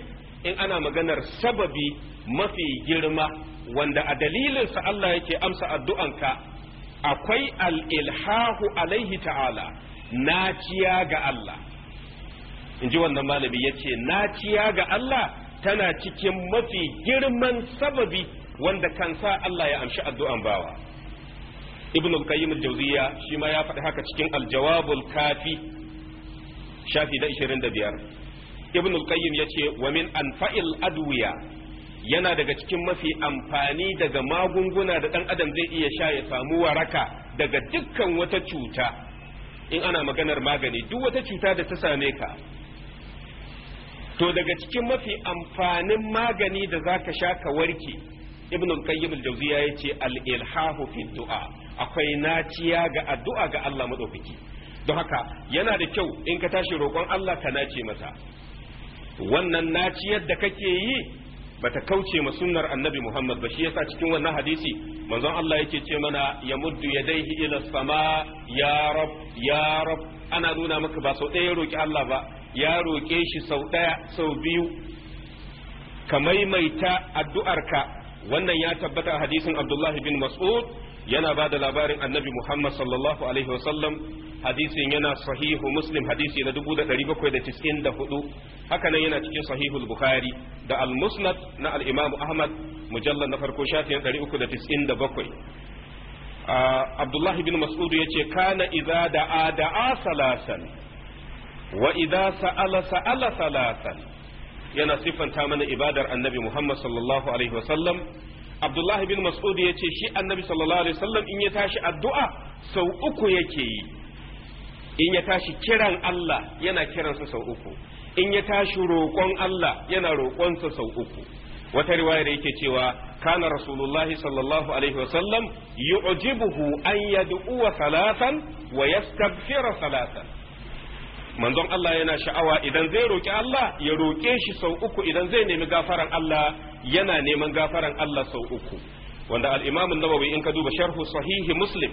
in ana maganar sababi mafi girma wanda a dalilinsa Allah yake amsa addu'anka akwai al'ilhahu alaihi ta'ala naciya ga Allah in ji wannan malami ya ce naciya ga Allah tana cikin mafi girman sababi wanda kan sa Allah ya amshi addu'an bawa ibn al-qayyim al shi ma ya faɗi haka cikin al-jawabul kafi shafi da 25 ibn al-qayyim yace wa min anfa'il adwiya yana daga cikin mafi amfani daga magunguna da ɗan adam zai iya sha ya samu waraka daga dukkan wata cuta in ana maganar magani duk wata cuta da ta same ka to daga cikin mafi amfanin magani da za ka sha ka warke ibn al-qayyim al-jawziya yace al-ilhahu fi du'a akwai naciya ga addu'a ga Allah madaukaki don haka yana da kyau in ka tashi roƙon Allah ka nace masa wannan naciyar da kake yi bata kauce ma sunnar annabi Muhammad ba shi yasa cikin wannan hadisi manzon Allah yake ce mana ya muddu yadaihi ila sama ya rab ya rab ana nuna maka ba sau ɗaya roki Allah ba ya roke shi sau ɗaya sau biyu ka maimaita addu'arka wannan ya tabbata a hadisin abdullahi bin mas'ud yana ba da labarin annabi muhammad sallallahu alaihi wasallam hadisin yana sahihu muslim hadisi na 1794 haka nan yana cikin sahihul bukhari da al-musnad na al-imam ahmad mujallal na farko shafin 397 abdullahi bin mas'ud ya ce kana idza da'a da'a salasan wa idza sa'ala sa'ala salasan yana siffanta mana ibadar annabi Muhammad sallallahu alaihi wasallam Abdullah bin Mas'ud ya ce shi annabi sallallahu alaihi wasallam in ya tashi addu'a sau uku yake yi in ya tashi kiran Allah yana kiransa sau uku in ya tashi roƙon Allah yana roƙonsa sau uku wata riwayar yake cewa kana rasulullahi sallallahu alaihi wasallam yu'jibuhu an yad'uwa salatan wa yastaghfira salatan manzon Allah yana sha'awa idan zai roƙi Allah ya roƙe shi sau uku idan zai nemi gafaran Allah yana neman gafaran Allah sau uku wanda al-Imam an-Nawawi in ka duba sharhu sahihi Muslim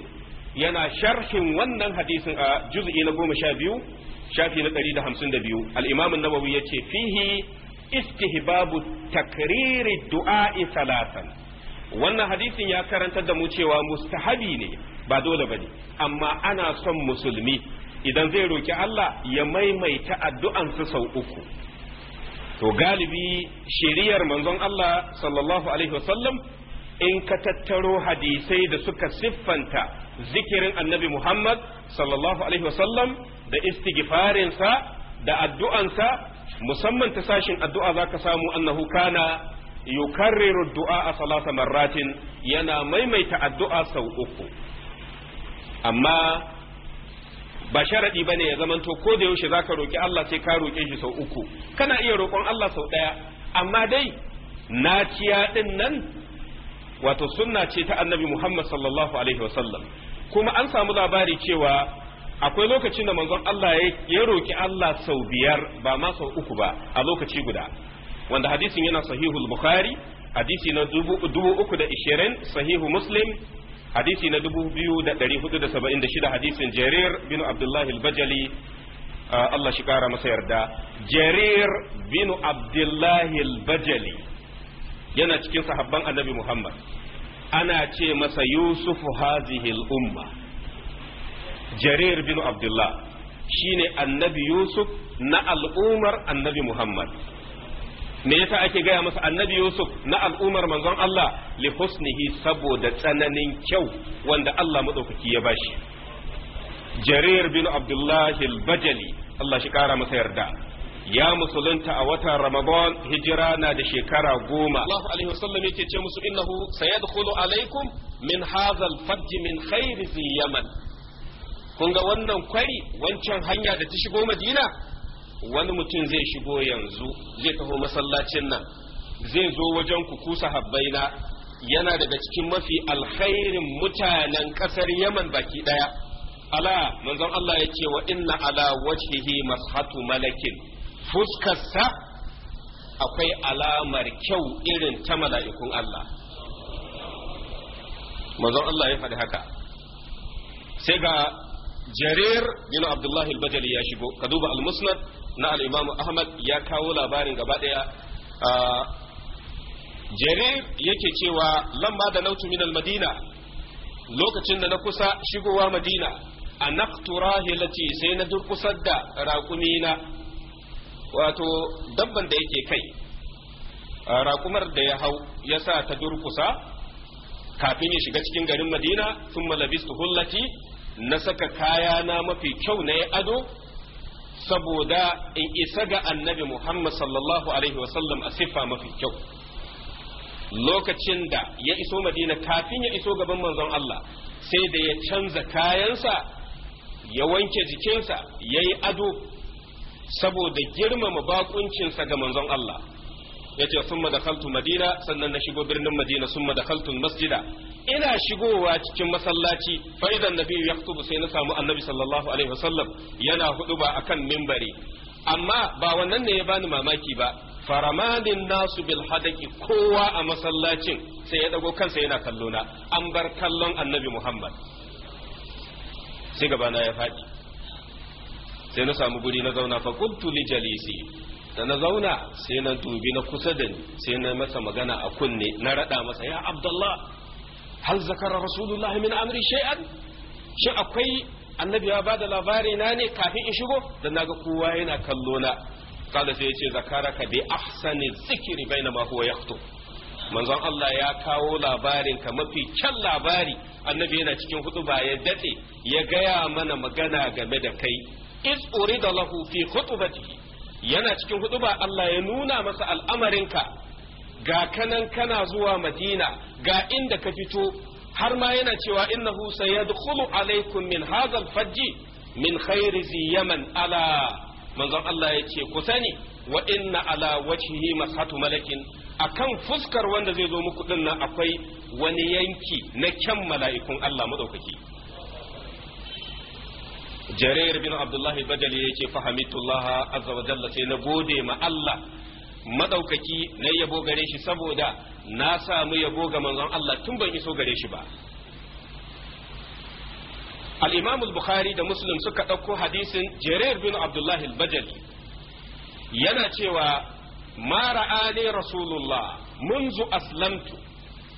yana sharhin wannan hadisin a juz'i na 12 shafi na 152 al-Imam an-Nawawi yace fihi istihbabu takriri du'a'i salatan wannan hadisin ya karantar da mu cewa mustahabi ne ba dole bane amma ana son musulmi idan zai roki Allah ya maimaita addu'ansa sau uku to galibi shiriyar manzon Allah sallallahu alaihi wasallam in ka tattaro hadisai da suka siffanta zikirin annabi Muhammad sallallahu alaihi wasallam da istighfarinsa da addu'ansa musamman ta sashin addu'a za ka samu annahu kana yukarriru du'a a salasa marratin yana maimaita addu'a sau uku amma ba sharadi bane ya zamanto ko da yaushe zaka roki Allah sai ka roke shi sau uku kana iya roƙon Allah sau ɗaya amma dai na naciya din nan wato sunna ce ta annabi Muhammad sallallahu alaihi wasallam kuma an samu labari cewa akwai lokacin da manzon Allah ya roki Allah sau biyar ba ma sau uku ba a lokaci guda wanda hadisin yana sahihul bukhari hadisi na dubu uku da ishirin sahihu muslim hadisi na 2476 hadisin jarir bin abdullah al Allah shi kara masa yarda jarir bin abdullah al yana cikin sahabban annabi Muhammad ana ce masa Yusuf hazihi umma jarir bin abdullah shine annabi yusuf na al'ummar annabi Muhammad me yasa ake gaya masa annabi yusuf na al'ummar manzon Allah li husnihi saboda tsananin kyau wanda Allah madaukaki ya bashi jarir bin abdullahi al-bajali Allah shi kara masa yarda ya musulunta a watan ramadan hijira na da shekara goma Allah alaihi wasallam yake ce musu innahu sayadkhulu alaikum min hadha al-fajj min khairi yaman kun ga wannan kwari wancan hanya da ta shigo madina wani mutum zai shigo yanzu zai taho masallacin nan zai zo wajen ku kusa na yana daga cikin mafi alkhairin mutanen kasar yaman baki daya ala manzon Allah ya ce wa inna ala wajhihi mashatu malakin fuskarsa akwai alamar kyau irin ta mala'ikun Allah manzon Allah ya faɗi haka sai ga jarir bin abdullahi al-bajali ya shigo ka duba al-musnad na al-Imam Ahmad ya kawo labarin gaba daya jarir yake cewa lamma da nautu min madina lokacin da na kusa shigowa Madina a naqtu rahilati sai na durkusar da na. wato dabban da yake kai raƙumar da ya hau ya sa ta durkusa kafin ya shiga cikin garin madina sun malabistu hullati na saka kaya na mafi kyau na ya ado saboda in isa ga annabi Muhammad sallallahu alaihi wasallam a siffa mafi kyau lokacin da ya iso madina kafin ya iso gaban manzon Allah sai da ya canza kayansa ya wanke jikinsa ya yi ado saboda girmama bakuncinsa ga manzon Allah yace summa dakhaltu madina sannan na shigo birnin madina summa dakhaltu masjida ina shigowa cikin masallaci fa'idan idan nabiyyu yaktubu sai na samu annabi sallallahu alaihi wasallam yana ba akan mimbari amma ba wannan ne ya bani mamaki ba faramanin nasu bil hadaki kowa a masallacin sai ya dago kansa yana kallona an bar kallon annabi muhammad sai gabana ya faɗi sai na samu guri na zauna fa qultu li jalisi da na zauna sai na dubi na kusa da ni sai na masa magana a kunne na rada masa ya abdullah hal zakara rasulullahi min amri shay'an shi akwai annabi ya bada labari na ne kafin in shigo da naga kowa yana kallo na kala sai yace zakaraka bi ahsani zikri baina ma huwa yakhtu manzon Allah ya kawo labarin ka mafi kyan labari annabi yana cikin hutuba ya dade ya gaya mana magana game da kai iz urida lahu fi khutbatihi yana cikin ba Allah ya nuna masa al'amarinka ga kanan kana zuwa madina ga inda ka fito har ma yana cewa innahu sayadkhulu alaikum min hadha al-fajji min khairi yaman ala manzon Allah ya ce ku sani wa inna ala wajhihi mashatu malakin akan fuskar wanda zai zo muku dinnan akwai wani yanki na kyan mala'ikun Allah madaukaki jarir bin abdullahi bajali ya ce fahimitullah azza wa jalla sai na gode ma Allah madaukaki na yabo gare shi saboda na samu yabo ga manzon Allah tun ban iso gare shi ba al-imam al-bukhari da muslim suka ɗauko hadisin jarir bin abdullahi bajali yana cewa ma ra'ani rasulullah منذ aslamtu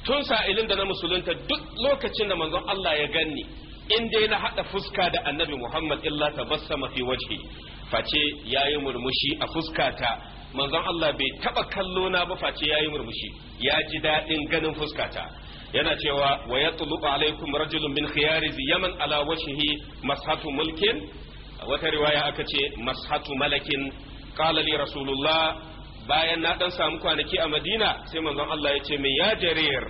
tun sa'ilin da na musulunta duk lokacin da manzon Allah ya ganni in dai na haɗa fuska da annabi Muhammad illa tabassama mafi wajhi face yayi murmushi a fuskata manzon Allah bai taɓa kallo na ba face yayi murmushi ya ji daɗin ganin fuskata yana cewa wa yatlubu alaikum rajulun min khiyariz yaman ala wajhihi mashatu mulkin wata riwaya aka ce mashatu malakin qala li rasulullah bayan na dan samu kwanaki a Madina sai manzon Allah ya ce min ya jarir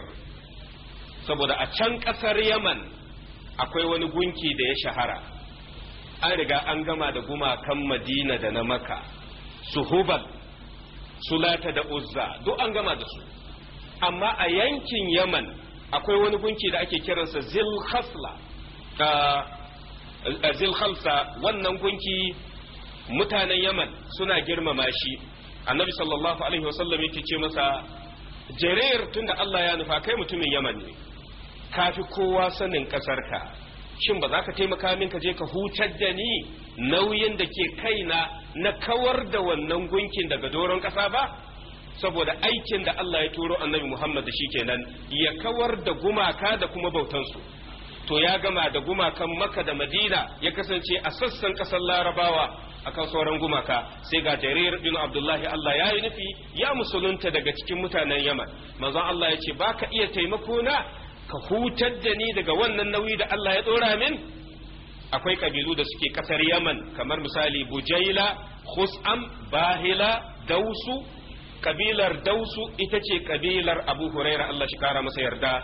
saboda a can kasar Yaman akwai wani gunki da ya shahara an riga an gama da gumakan madina da na maka suhubal sulata da uzza duk an gama da su amma a yankin yaman akwai wani gunki da ake kiransa zilkhasla a zilkhalsa wannan gunki mutanen yaman suna girmama shi annabi sallallahu alaihi wasallam yake ce masa jarir tunda Allah ya nufa kai mutumin yaman ne ka fi kowa sanin ƙasarka shin ba za ka taimaka min ka je ka hutar da ni nauyin da ke kaina na kawar da wannan gunkin daga doron ƙasa ba saboda aikin da Allah ya turo annabi Muhammad da shi kenan ya kawar da gumaka da kuma bautansu to ya gama da gumakan maka da madina ya kasance a sassan ƙasar larabawa akan sauran gumaka sai ga jarir bin abdullahi Allah ya yi nufi ya musulunta daga cikin mutanen yaman manzon Allah ya ce ba ka iya taimako na ka hutar da ni daga wannan nauyi da Allah ya dora min akwai kabilu da suke kasar Yaman kamar misali Bujaila Khus'am Bahila Dausu kabilar Dausu ita ce kabilar Abu Huraira Allah shi kara masa yarda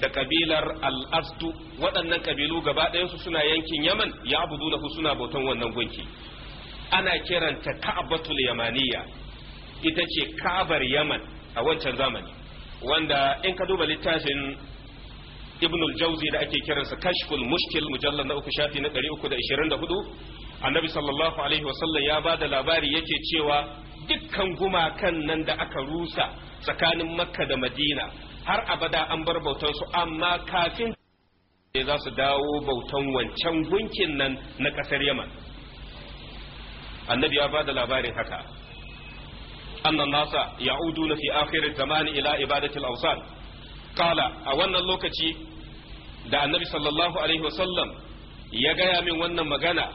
da kabilar Al-Astu waɗannan kabilu gaba ɗaya suna yankin Yaman ya abudunahu suna bautan wannan gunki ana kiranta Ka'batul Yamaniya ita ce Ka'bar Yaman a wancan zamani wanda in ka duba littafin ibn al-jawzi da ake kiransa kashful mushkil mujallal na uku shafi na 324 annabi sallallahu alaihi wasallam ya bada labari yake cewa dukkan gumakan nan da aka rusa tsakanin makka da madina har abada an bar bautan su amma kafin za su dawo bautan wancan gunkin nan na kasar yaman annabi ya bada labarin haka annan nasa ya'udu na fi akhirin zamani ila ibadatul awsan kala a wannan lokaci da annabi sallallahu alaihi wasallam ya gaya min wannan magana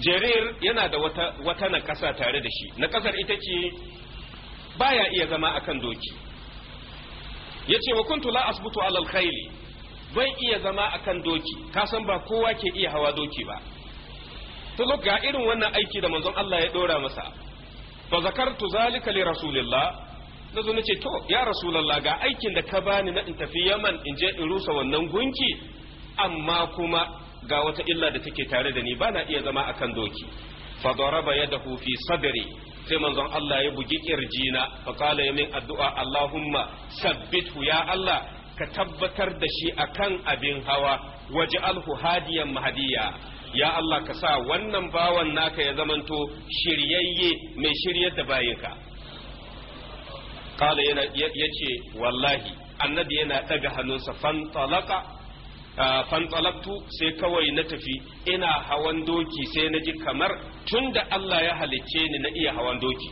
jarir yana da wata, wata na tare da shi na kasar ita ce baya iya zama akan doki ya ce wa kuntu la asbutu alal khayli ban iya zama akan doki kasan ba kowa ke iya hawa doki ba to ga irin wannan aiki da manzon Allah ya dora masa fa zakartu zalika li rasulillah na zo to ya rasulullah ga aikin da ka bani na in tafi yaman in je in rusa wannan gunki amma kuma ga wata illa da take tare da ni bana iya zama akan doki fa daraba yadahu fi sadri sai manzon Allah ya bugi kirjina fa qala yamin addu'a Allahumma sabbithu ya Allah ka tabbatar da shi akan abin hawa waj'alhu hadiyan mahdiya ya Allah ka sa wannan bawan naka ya zamanto shiryayye mai shiryar da bayinka kala yana yace wallahi annabi yana ɗaga hannunsa fantalaka fantalaktu sai kawai na tafi ina hawan doki sai na ji kamar tun da Allah ya halicce ni na iya hawan doki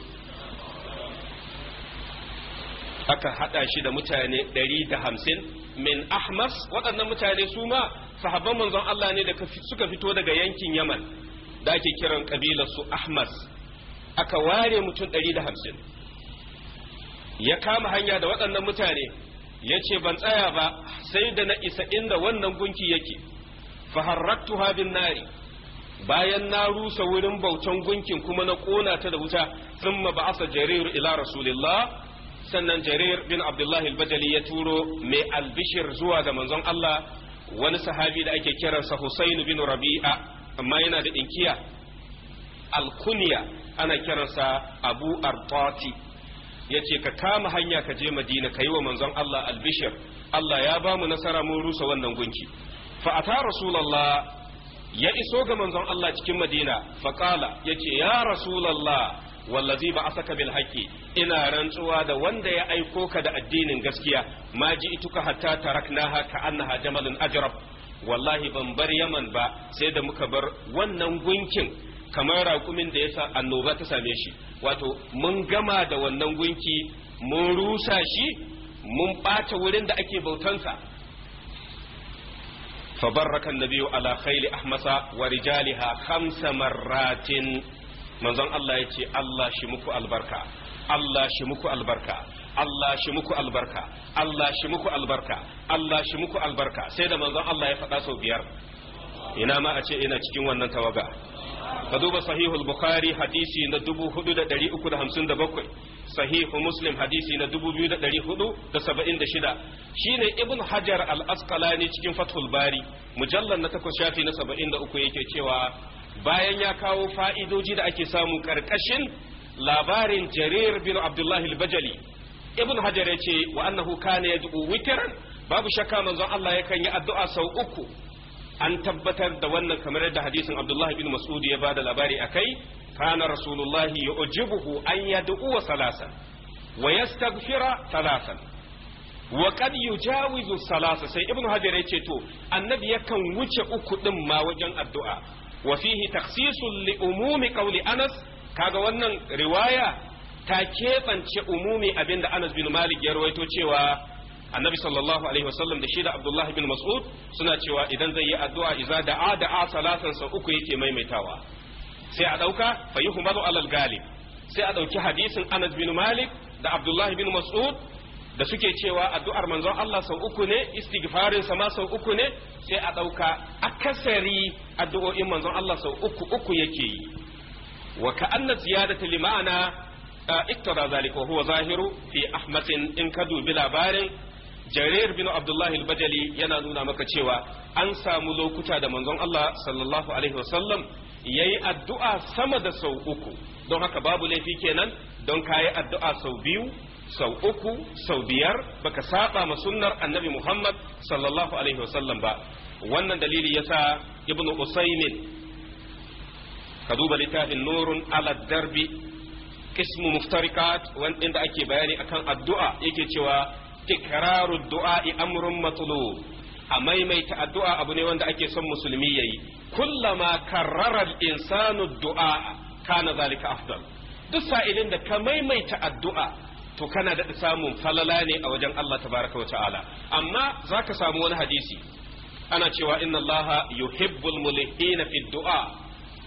aka haɗa shi da mutane hamsin min ahmas waɗannan mutane su ma sahabban manzon Allah ne da suka fito daga yankin yaman da ake kiran kabilar su ahmas aka ware mutum da hamsin. ya kama hanya da waɗannan mutane ya ce ban tsaya ba sai da na isa inda wannan gunki yake faharraktuha bin nari bayan na rusa wurin bautan gunkin kuma na kona ta da wuta sun ma ba'asa jarir ila rasulillah sannan jarir bin abdullahi albajali ya turo mai albishir zuwa ga manzon Allah wani sahabi da ake kiransa Husainu bin Rabi'a amma yana da dinkiya alkuniya ana kiransa Abu Artati ya ce ka kama hanya ka je madina ka yi wa manzon Allah albishir Allah ya ba mu nasara mun rusa wannan gunki fa ata rasulullah ya iso ga manzon Allah cikin madina fa qala yace ya rasulullah wallazi ba asaka bil haqqi ina rantsuwa da wanda ya aiko ka da addinin gaskiya ma ji ituka hatta taraknaha ka annaha jamalun ajrab wallahi ban bar yaman ba sai da muka bar wannan gunkin kamar raƙumin da ya annoba ta same shi wato mun gama da wannan gunki mun rusa shi mun ɓata wurin da ake bautansa فبرك النبي على خيل أحمس ورجالها خمس مرات manzon Allah ya ce Allah shi albarka Allah shi muku albarka Allah shi muku albarka Allah shi muku albarka albarka sai da manzon Allah ya faɗa sau biyar ina ma a ce ina cikin wannan tawaga ka duba sahihul bukhari hadisi na 4357 sahihu muslim hadisi na 2476 shine ibn hajar al-asqalani cikin fathul bari mujallal na takwas shafi na 73 yake cewa bayan ya kawo fa'idoji da ake samu karkashin labarin jarir bin abdullahi al-bajali ibn hajar ya ce wa annahu kana yad'u witran babu shakka manzon Allah yakan yi addu'a sau uku an tabbatar da wannan kamar yadda hadisin abdullahi bin mas'ud ya bada labari akai kana rasulullahi yu'jibuhu an yad'u salasan wa yastaghfira salasan wa qad yujawizu salasa sai ibnu hajar yace to annabi yakan wuce uku din ma wajen addu'a wa fihi takhsisun li umumi qawli anas kaga wannan riwaya ta keɓance umumi abinda anas bin malik ya rawaito cewa annabi sallallahu alaihi wasallam da shi da abdullahi bin mas'ud suna cewa idan zai yi addu'a iza da a salatan sa uku yake maimaitawa sai a dauka fa yuhmalu alal galib sai a dauki hadisin anas bin malik da abdullahi bin mas'ud da suke cewa addu'ar manzon Allah sau uku ne istighfarin sa ma sau uku ne sai a dauka akasari addu'o'in manzon Allah sau uku uku yake yi wa ka'anna ziyadatu lima'ana iktara zalika huwa zahiru fi ahmasin in ka dubi labarin jarir bin abdullahi al-bajali yana nuna maka cewa an samu lokuta da manzon Allah sallallahu alaihi wasallam yayi addu'a sama da sau uku don haka babu laifi kenan don kayi addu'a sau biyu sau uku sau biyar baka saba ma sunnar annabi Muhammad sallallahu alaihi wasallam ba wannan dalili yasa ibnu usaymin ka duba littafin nurun ala darbi ismu muftarikat wanda ake bayani akan addu'a yake cewa tikraru du'a'i amrun matlub a maimaita addu'a abu ne wanda ake son musulmi yayi kullama karrara al-insanu du'a kana zalika afdal duk sa'ilin da ka maimaita addu'a to kana da samun falala ne a wajen Allah tabaraka wa ta'ala amma zaka samu wani hadisi ana cewa inna Allah yuhibbul mulihina fi du'a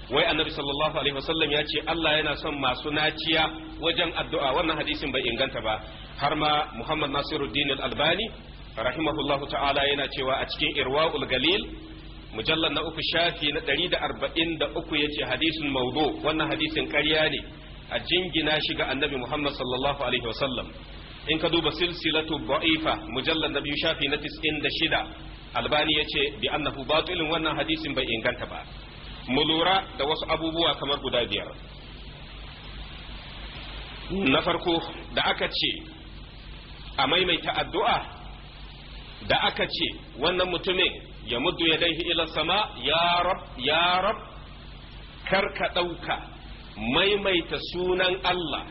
wai annabi sallallahu alaihi wasallam ya ce Allah yana son masu naciya wajen addu'a wannan hadisin bai inganta ba har ma Muhammad Nasiruddin Al-Albani rahimahullahu ta'ala yana cewa a cikin Irwaul Galil mujallal na uku shafi na 143 yace hadisin mawdu wannan hadisin ƙarya ne a jingina shi ga annabi Muhammad sallallahu alaihi wasallam in ka duba silsilatu da'ifa mujallal na biyu shafi na 96 albani yace bi annahu batilin wannan hadisin bai inganta ba mu lura da wasu abubuwa kamar guda biyar na farko da aka ce a maimaita addu'a da aka ce wannan mutumin ya muddu ya daihi ila sama ya rab ya rab karka ɗauka maimaita sunan Allah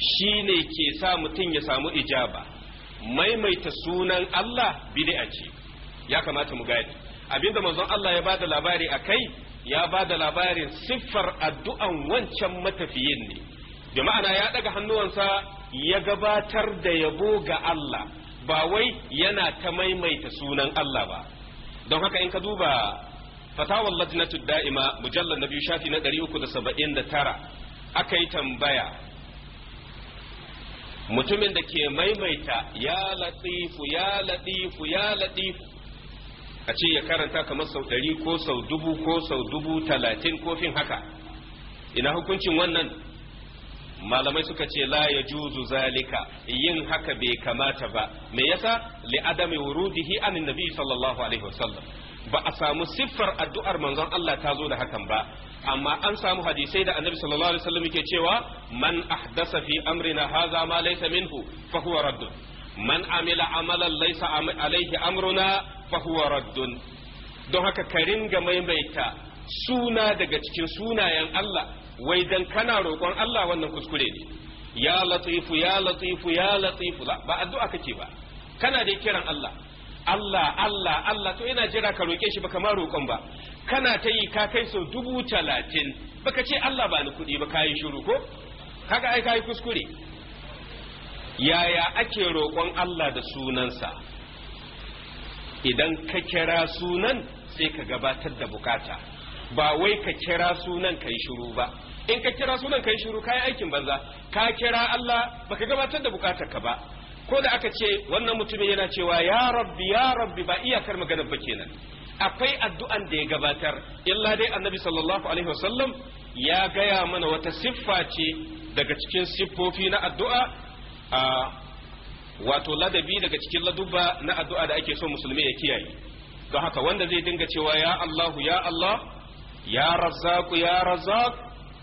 shi ne ke sa mutum ya samu ijaba maimaita sunan Allah bid'a ce ya kamata mu gadi abinda manzon Allah ya bada labari a kai ya ba da labarin siffar addu'an wancan matafiyin ne da ma'ana ya ɗaga hannuwansa ya gabatar da yabo ga Allah ba wai yana ta maimaita sunan Allah ba don haka in ka duba fatawar lajinatu da'ima mujallar na biyu shafi na tara. aka yi tambaya mutumin da ke maimaita ya latifu ya latifu ya latifu a ce ya karanta kamar sau ɗari ko sau dubu ko sau dubu talatin ko fin haka ina hukuncin wannan malamai suka ce la ya juzu zalika yin haka bai kamata ba me yasa li adami wurudihi anin nabi sallallahu alaihi wasallam ba a samu siffar addu'ar manzon Allah ta zo da hakan ba amma an samu hadisai da annabi sallallahu alaihi wasallam yake cewa man ahdasa fi amrina haza ma laysa minhu fa huwa raddun man amila amalan laisa alaihi amruna fa huwa raddun don haka ka ringa maimaita suna daga cikin sunayen Allah wai dan kana roƙon Allah wannan kuskure ne ya latifu ya latifu ya latifu ba addu'a kake ba kana da kiran Allah Allah Allah Allah to ina jira ka roƙe shi baka ma roƙon ba kana ta yi ka kai sau dubu talatin baka ce Allah ba ni kuɗi ba ka yi shiru ko kaga ai yi kuskure yaya ake roƙon Allah da sunansa idan ka kira sunan sai ka gabatar da bukata ba wai ka kira sunan ka yi shiru ba in ka kira sunan ka yi shiru ka yi aikin banza ka kira Allah baka gabatar da bukatar ka ba ko da aka ce wannan mutumin yana cewa ya rabbi ya rabbi ba iyakar maganar ba kenan akwai addu'an da ya gabatar illa dai annabi sallallahu alaihi wasallam ya gaya mana wata siffa ce daga cikin siffofi na addu'a wato ladabi daga cikin laduba na addu'a da ake so musulmi ya kiyaye don haka wanda zai dinga cewa ya Allahu ya Allah ya Razzaq ya Razzaq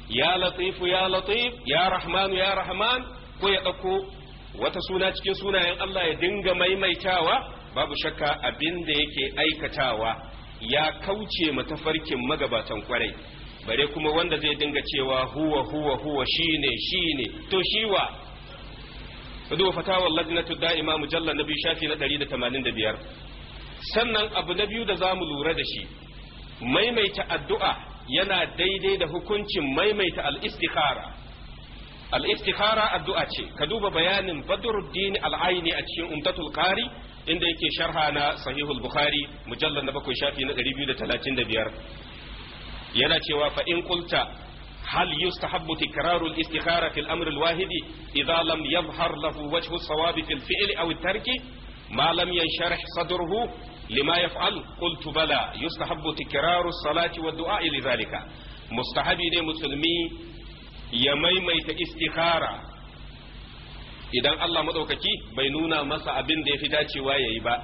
ya Latif ya Latif ya Rahman ya Rahman ko ya dauko wata suna cikin sunayen Allah ya dinga maimaitawa babu shakka abin da yake aikatawa ya kauce matafarkin magabatan kwarai bare kuma wanda zai dinga cewa huwa huwa huwa shine shine to shiwa ka duba fatawar lajnatu da'ima mujalla na biyu shafi na 185 sannan abu na biyu da za mu lura da shi maimaita addu'a yana daidai da hukuncin maimaita al-istikhara al-istikhara addu'a ce ka duba bayanin badruddin al-aini a cikin umdatul qari inda yake sharha na sahihul bukhari mujallar na bakwai shafi na 235 yana cewa fa in qulta هل يستحب تكرار الاستخارة في الأمر الواحد إذا لم يظهر له وجه الصواب في الفعل أو الترك ما لم ينشرح صدره لما يفعل قلت بلى يستحب تكرار الصلاة والدعاء لذلك مستحب مسلمي يميميت استخارة idan Allah maɗaukaki bai nuna masa abin da ya fi dacewa ya yi ba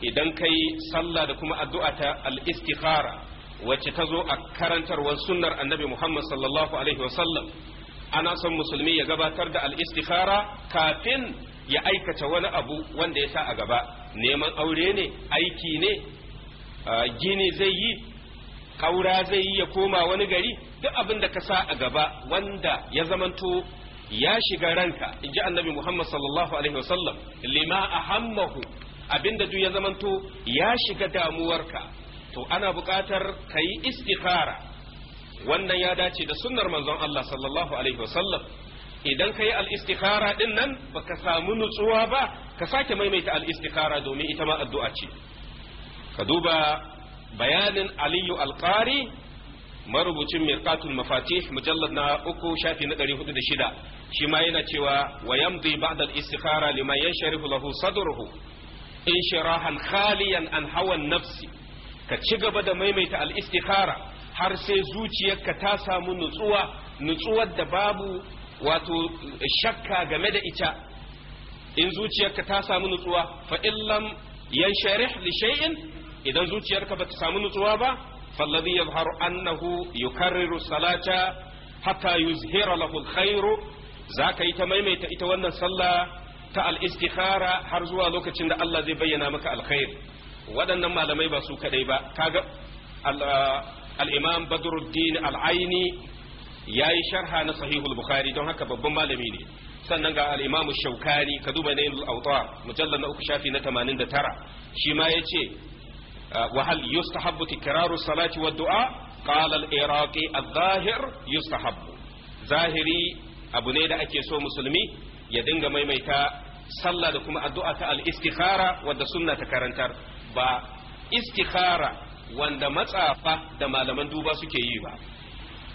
idan kai sallah da kuma addu'a ta al-istikhara wacce ta zo a karantarwar sunnar annabi Muhammad sallallahu alaihi wasallam ana son musulmi ya gabatar da al-istikhara kafin ya aikata wani abu wanda ya sa a gaba neman aure ne aiki ne gini zai yi ƙaura zai yi ya koma wani gari duk abin da ka sa a gaba wanda ya zamanto ya shiga ranka in ji annabi Muhammad sallallahu alaihi wasallam lima ahammahu abinda duk ya zamanto ya shiga damuwarka to ana buƙatar ka yi istikara wannan ya dace da sunnar manzon Allah sallallahu alaihi wasallam idan ka yi al'istikara ɗin nan ba ka samu nutsuwa ba ka sake maimaita al'istikara domin ita ma addu'a ce ka duba bayanin aliyu alƙari marubucin mirqatul mafatih mujallad na uku shafi na ɗari hudu da shida shi ma yana cewa wa yamdi ba'da al-istikhara liman yansharihu lahu sadruhu inshirahan khaliyan an hawan nafsi ka ci gaba da maimaita al har sai zuciyarka ta samu nutsuwa nutsuwar da babu wato shakka game da ita in zuciyarka ta samu nutsuwa fa illam yansharih li shay'in idan zuciyarka bata samu nutsuwa ba falladhi yadhharu annahu yukarriru salata hatta yuzhira lahu alkhairu zaka yi ta maimaita ita wannan sallah ta al-istikhara har zuwa lokacin da Allah zai bayyana maka alkhair waɗannan malamai ba su kadai ba kaga alimam imam badruddin al-aini yayi sharha na sahihul bukhari don haka babban malami ne sannan ga al-imam shaukani ka duba ne al-awtar mujallar na uku shafi na 89 shi ma ya ce ah, wahal yustahabbu tikraru salati wa du'a qala al-iraqi adh-dhahir yustahabbu zahiri abu ne da ake so musulmi ya dinga maimaita sallah da kuma addu'a ta al-istikhara wadda sunna ta karantar ba istikhara wanda matsafa da malaman duba suke yi ba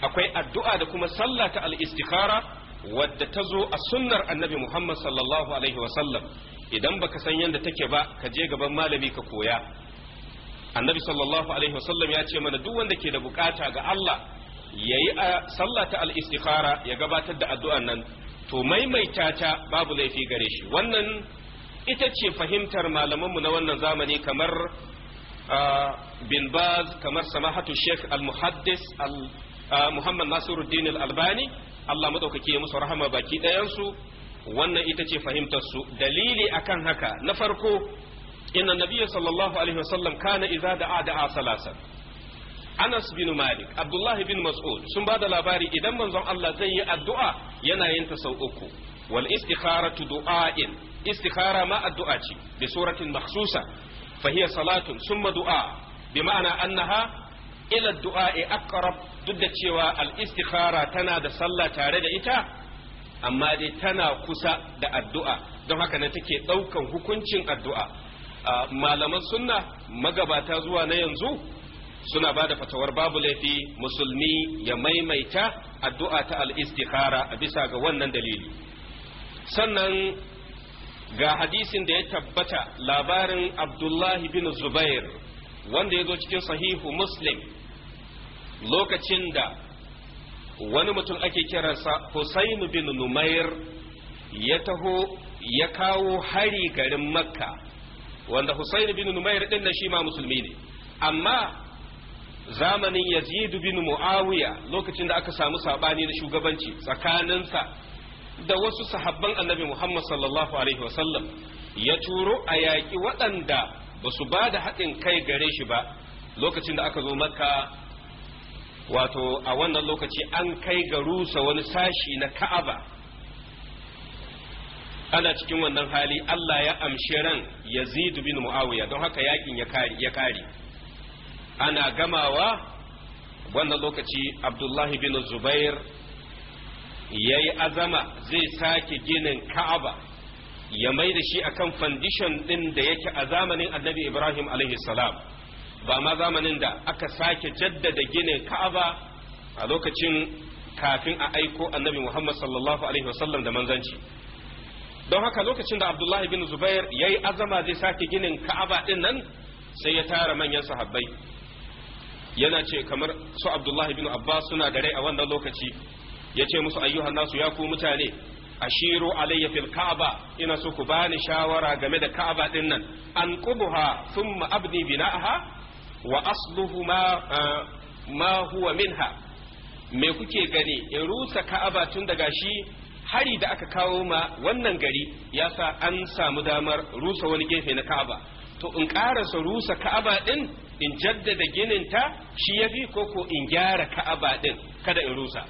akwai addu'a da kuma sallah ta al-istikhara wadda ta zo a sunnar annabi Muhammad sallallahu alaihi wasallam idan baka san yadda take ba ka je gaban malami ka koya annabi sallallahu alaihi wasallam ya ce mana duk wanda ke da bukata ga Allah yayi a sallah ta al-istikhara ya gabatar da addu'an nan to maimaita ta babu laifi gare shi wannan ita ce fahimtar malamanmu na wannan zamani kamar ah, bin baz kamar samahatu sheikh al-muhaddis ah, muhammad nasiruddin al-albani allah maɗaukaki ya musu rahama baki ɗayansu wannan ita ce fahimtar su dalili akan haka na farko inna nabiyyu sallallahu alaihi wasallam kana idza da'a da'a salasan Anas bin Malik, Abdullahi bin Mas'ud sun ba da labari idan manzon Allah zai yi addu'a yana yin ta sau uku. Wal istikharatu du'a'in istikhara ma addu'a ce bi suratin makhsusa fa hiya salatun summa du'a bi ma'ana annaha ila e aqrab duk da cewa al-istikhara tana da sallah tare da ita amma dai tana kusa da addu'a don haka ne take daukan hukuncin addu'a malaman sunna magabata zuwa na yanzu suna ba da fatawar babu laifi musulmi ya maimaita addu'a ta al-istikhara a bisa ga wannan dalili sannan ga hadisin da ya tabbata labarin abdullahi bin zubair wanda ya zo cikin sahihu muslim lokacin da wani mutum ake kiransa husainu bin numair ya taho ya kawo hari garin makka wanda husainu bin numair din da shi ma musulmi ne amma zamanin yazid bin muawiya lokacin da aka samu sabani na shugabanci tsakaninsa da wasu sahabban annabi Muhammad sallallahu alaihi wasallam ya turo a yaƙi waɗanda ba su ba da haɗin kai gare shi ba lokacin da aka zo maka wato a wannan lokaci an kai ga rusa wani sashi na ka'aba ana cikin wannan hali Allah ya amshi ran yazidu bin muawiya don haka yaƙin ya kare ana gamawa wannan lokaci abdullahi bin zubair ya azama zai sake ginin ka'aba ya mai da shi akan fandishon ɗin da yake a zamanin annabi ibrahim salam ba ma zamanin da aka sake jaddada ginin ka'aba a lokacin kafin a aiko annabi muhammad sallallahu alaihi wasallam da manzanci don haka lokacin da abdullahi bin zubair ya azama zai sake ginin ka'aba din nan sai ya tara manyan sahabbai yana ce kamar su abdullahi bin abbas suna da rai a wannan lokaci ya ce musu ayyuhan nasu ya ku mutane ashiru alayya fil ka'aba ina so ku bani shawara game da ka'aba din nan an qubuha thumma abni bina'aha wa asluhu ma eh, ma huwa minha me kuke gani in rusa ka'aba tun daga shi hari da aka kawo ma wannan gari ya sa an samu damar rusa wani gefe na ka'aba to in karasa rusa ka'aba din in jaddada ginin ta shi yafi ko ko in gyara ka'aba din kada in rusa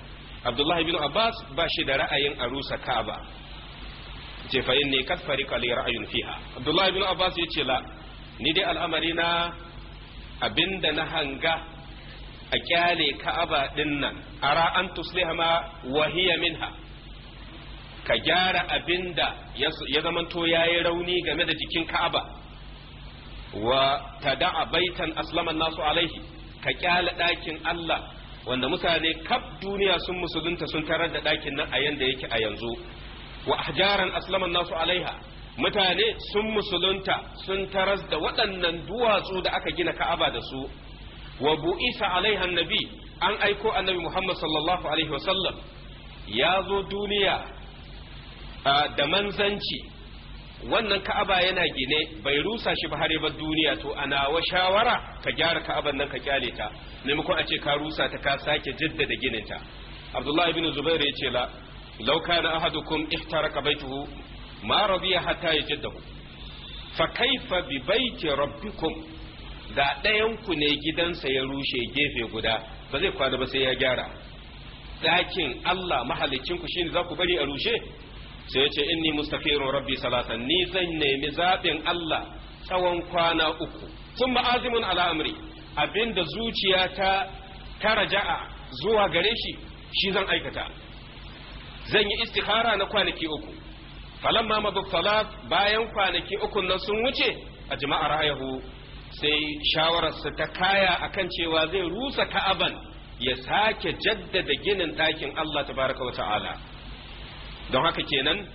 abdullahi bin abbas ba shi da ra'ayin a rusa ka'aba ce fa inni kad farika li ra'ayun fiha abdullahi bin abbas ya ce la ni dai al'amari na abinda na hanga a kyale ka'aba din nan ara an tusliha ma wa hiya minha ka gyara abinda ya zamanto yayi rauni game da jikin ka'aba wa tada'a baitan aslaman nasu alaihi ka kyale ɗakin Allah wanda mutane kaf duniya sun musulunta sun tarar da ɗakin nan a yanda yake a yanzu wa ahjaran aslaman nasu alaiha mutane sun musulunta sun taras da waɗannan duwatsu da aka gina ka'aba da su wa bu'isa alaiha nabi an aiko annabi muhammad sallallahu alaihi wasallam ya zo duniya da manzanci wannan ka'aba yana gine bai rusa shi ba har ba duniya to ana wa shawara ka gyara ka'aban nan ka kyale ta maimakon a ce ka rusa ta ka sake jaddada ginin ta abdullahi ibn zubair ya ce la law kana ahadukum ihtaraka baytuhu ma radiya hatta yajaddahu fa kaifa bi baiti rabbikum da dayan ku ne gidansa ya rushe gefe guda ba zai kwana ba sai ya gyara dakin Allah ku shine za ku bari a rushe sai ya ce inni mustaqirun rabbi salatan ni zan nemi zabin Allah tsawon kwana uku sun ma'azimun ala Abin da zuciya ta tara ja'a zuwa gare shi shi zan aikata zan yi istihara na kwanaki uku falamma mabtalat bayan kwanaki uku nan sun wuce a jama'ar Haihu sai shawararsa ta kaya akan cewa zai rusa ka'aban ya sake jaddada ginin ɗakin Allah tabaraka wa ta'ala don haka kenan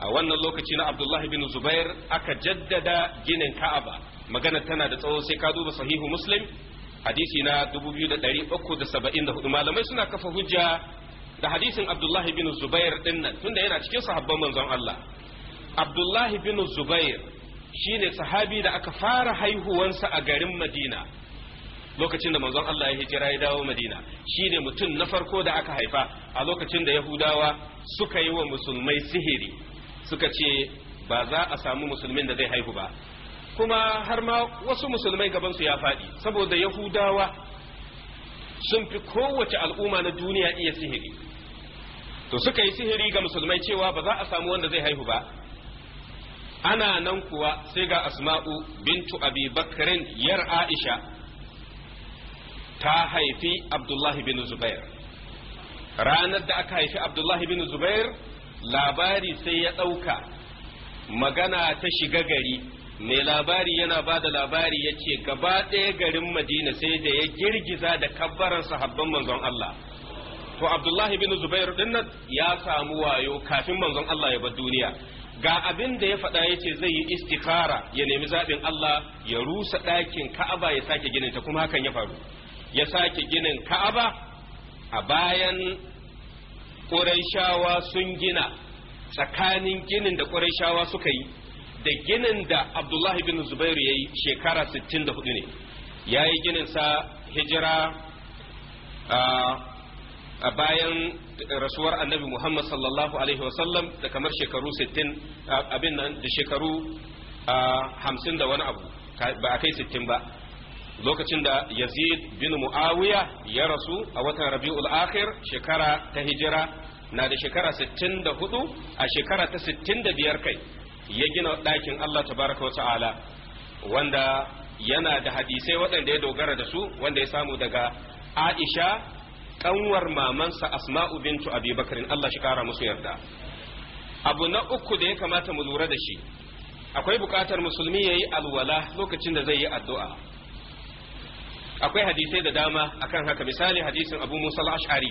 a wannan lokaci na Abdullahi bin Zubair aka jaddada ginin Ka'aba magana tana da tsawo sai ka duba sahihu muslim hadisi na 2374 malamai suna kafa hujja da hadisin abdullahi bin zubair din nan tunda yana cikin sahabban manzon Allah abdullahi bin zubair shine sahabi da aka fara haihuwansa a garin madina lokacin da manzon Allah ya hijira ya dawo madina shine mutum na farko da aka haifa a lokacin da yahudawa suka yi wa musulmai sihiri suka ce ba za a samu musulmin da zai haihu ba kuma har ma wasu musulmai gabansu ya faɗi saboda yahudawa sun fi kowace al'umma na duniya iya sihiri to suka yi sihiri ga musulmai cewa ba za a samu wanda zai haihu ba ana nan kuwa sai ga asma'u bintu abi bakrin yar aisha ta haifi abdullahi bin zubair ranar da aka haifi abdullahi bin zubair labari sai ya ɗauka magana ta shiga gari mai labari yana ba da labari ya ce gaba ɗaya garin madina sai da ya girgiza da kabbaran sahabban manzon Allah to abdullahi bin zubair dinnan ya samu wayo kafin manzon Allah ya bar duniya ga abin da ya faɗa ya ce zai yi istikhara ya nemi zaɓin Allah ya rusa ɗakin ka'aba ya sake ginin ta kuma hakan ya faru ya sake ginin ka'aba a bayan ƙurayshawa sun gina tsakanin ginin da ƙurayshawa suka yi da ginin da abdullahi bin zubair ya yi shekara 64 ne ya yi gininsa hijira a bayan rasuwar annabi muhammad sallallahu alaihi wasallam da kamar shekaru 60 abin nan da shekaru 50 da wani abu ba a kai 60 ba lokacin da yazid bin muawiya ya rasu a watan rabi'ul akhir shekara ta hijira na da shekara 64 a shekara ta 65 kai ya gina ɗakin Allah Ta tabaraka wata'ala wanda yana da hadisai waɗanda ya dogara da su wanda ya samu daga Aisha kanwar mamansa Asma'u bintu Abi Bakarin Allah shi kara musu yarda abu na uku da ya kamata mu lura da shi akwai bukatar musulmi ya yi alwala lokacin da zai yi addu'a akwai hadisai da dama akan haka misali hadisin abu musa al ash'ari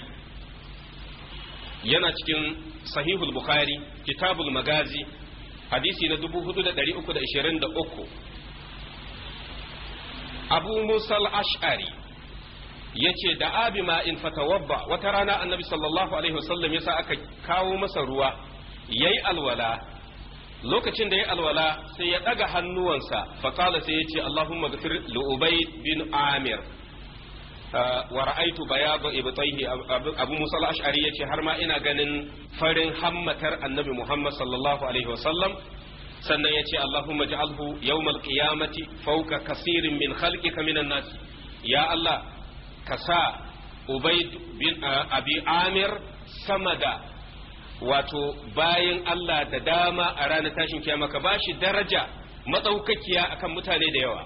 yana cikin sahihul bukhari kitabul magazi hadisi na 4323 abu Musal ashari ya ce da abi ma'in fatawabba wata rana annabi sallallahu alaihi wasallam yasa aka kawo masa ruwa ya yi alwala lokacin da ya alwala sai ya ɗaga hannuwansa faƙala sai ya ce allahumma gafir lu'ubai bin amir wa ra'aitu bayadu ibtayhi abu musa al-ash'ari yace har ma ina ganin farin hammatar annabi muhammad sallallahu alaihi wasallam sannan yace allahumma ja'alhu yawmal qiyamati fawqa kasirin min khalqika minan nas ya allah ka sa ubaid bin abi amir sama da wato bayan allah da dama a ranar tashin kiyama ka bashi daraja madaukakiya akan mutane da yawa